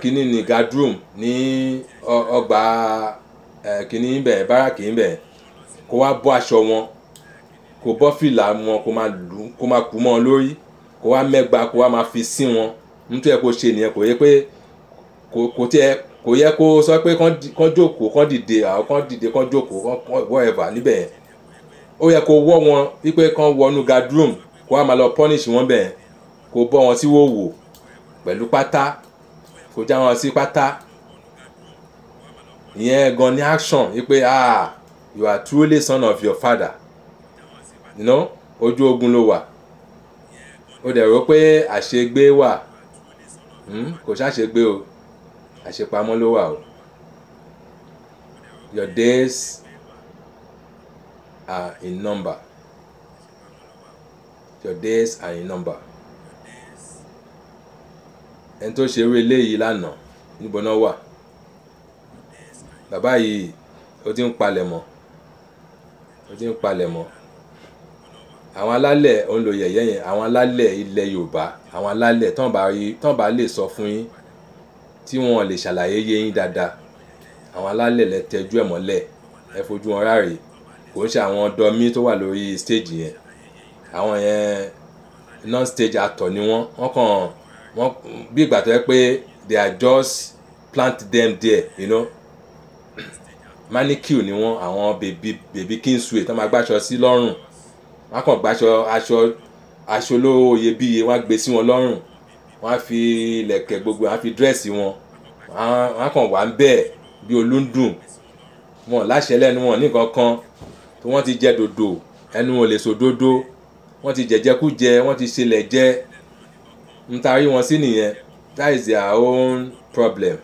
kínní ní guardroom ní ọgbà kínní ibẹ̀ báràkì ibẹ̀ kó wá bọ́ aṣọ wọn kó bọ́ fìlà wọn kó máa kú mọ́ lórí kó wá mẹ́gba kó wá máa fi sí wọn nítorí ẹ kó ṣe nìyẹn kò yẹ pé kò tiẹ̀ kò yẹ kó sọ pé kán jókòó kán dìde àwọn kán dìde kán jókòó kán whatever níbẹ̀ yẹn ó yẹ kó wọ́ wọn wípé kán wọnú gadroom kó wá máa lọ punish wọn bẹ̀ kó bọ́ wọn sí wòwò pẹ̀lú pátá kó já wọn sí pátá ìyẹn gan ni action wípé ah you are truly son of your father you know ojú ogun ló wà mo dẹ̀ rò pé àṣegbé wà hmm? kò ṣàṣegbé o àṣepamọ́ ló wà o your days are in number your days are in number ẹni tó ṣe eré eléyìí lánàá níbo náà wà bàbá yìí ó ti ń palẹ̀ mọ́ ó ti ń palẹ̀ mọ́ àwọn alálẹ̀ òun ló yẹ̀yẹ́ yẹn àwọn alálẹ̀ ilẹ̀ yorùbá àwọn alálẹ̀ tán bá lè sọ fún yín tí wọn lè ṣàlàyé yé yín dáadáa àwọn alálẹ̀ lẹ tẹjú ẹ̀ mọ́lẹ̀ ẹ fojú wọn ráre kò ń ṣe àwọn dọmí tó wà lórí stage yẹn àwọn yẹn non stage actor ni wọn wọn kàn wọn bí ìgbà tó yẹ pé they are just plant them there you know manicure ni wọn àwọn baby bèbí kingsway tó máa gbàṣọ sí lọ́rùn wọ́n á kàn gba aṣọ aṣọ aṣọ olówó iyebíye wọ́n á gbé sí wọn lọ́rùn wọ́n á fi ilẹ̀kẹ̀ gbogbo wọ́n á fi dírẹ́sì wọn wọ́n á kàn wà ń bẹ́ẹ̀ bí olúndùn wọn láṣẹ lẹ́nu wọn nìkan kan tí wọ́n ti jẹ dòdò ẹnu wọn lè sòdodo wọ́n ti jẹjẹkújẹ wọ́n ti ṣẹlẹ̀ jẹ ń tarí wọn sí nìyẹn that is their own problem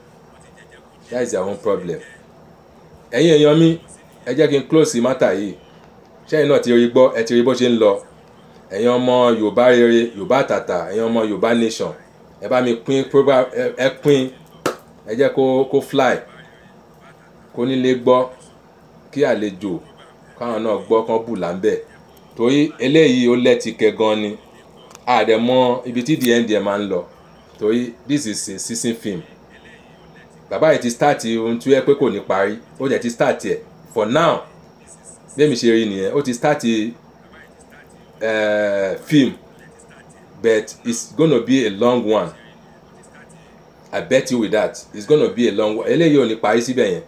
that is their own problem ẹ̀yin èèyàn mi ẹ jẹ́ kí n close the matter yìí sẹ́yìn náà ti rí gbọ́ ẹ ti rí bó ṣe ń lọ ẹ̀yin ọmọ yorùbá rere yorùbá tàtà ẹ̀yin ọmọ yorùbá nation ẹ bá mi pín ẹ pín ẹ jẹ́ kó kó fly kó nílé gbọ́ kí àlejò káwọn náà gbọ́ kán bù láńbẹ̀ torí eléyìí ó lẹ́tìkẹ gan ni àdẹ̀mọ ibi tí the end yẹn máa ń lọ torí this is a season film bàbá yìí ti start ohun tí ó yẹ pé kò ní parí ó jẹ́ ti start ẹ̀ for now bẹ́ẹ̀ mi ṣe rí nìyẹn ó ti start uh, film but it's gonna be a long one i bet you with that it's gonna be a long one eléyìí ò ní parí síbẹ̀ yẹn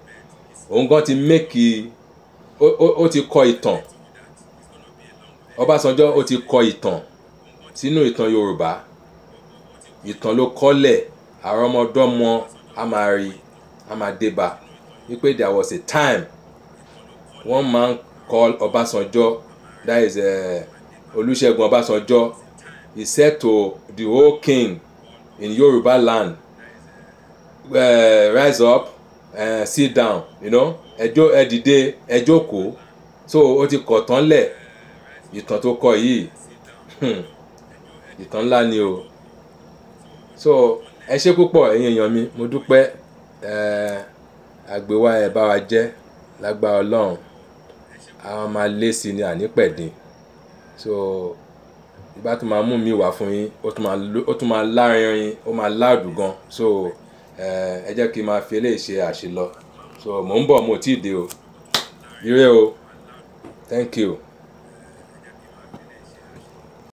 òun gan ti make ó ti kọ ìtàn Ọbásanjọ́ ó ti kọ ìtàn sínú ìtàn Yorùbá ìtàn ló kọ́lẹ̀ àwọn ọmọdọ́mọ a máa rí a máa débà wípé there was a time wọ́n máa ń Call Obasanjo, that is uh, eh, Olusegun Obasanjo, he said to the whole king in Yoruba land, uh, rise up, uh, sit down, you know, ẹjọ́ ẹ dìde ẹ jókòó, so ó ti kọ̀ tán lẹ̀ ìtàn tó kọ yìí hmm, ìtàn ńlá ni o so ẹ ṣe púpọ̀ ẹ̀yin èèyàn mi mo dúpẹ́ eh, àgbéwá ẹ̀ bá wa jẹ́ lágbára ọlọ́run a máa lé sí i ní ànípẹ̀dín so ìbá tó máa mú mi wá fún yín ó tún máa lárinrin ó máa láàdùn gan so ẹ jẹ́ kí n máa fi eléyìí ṣe àṣìlọ so mò ń bọ̀ mo ò dé o ire o thank you.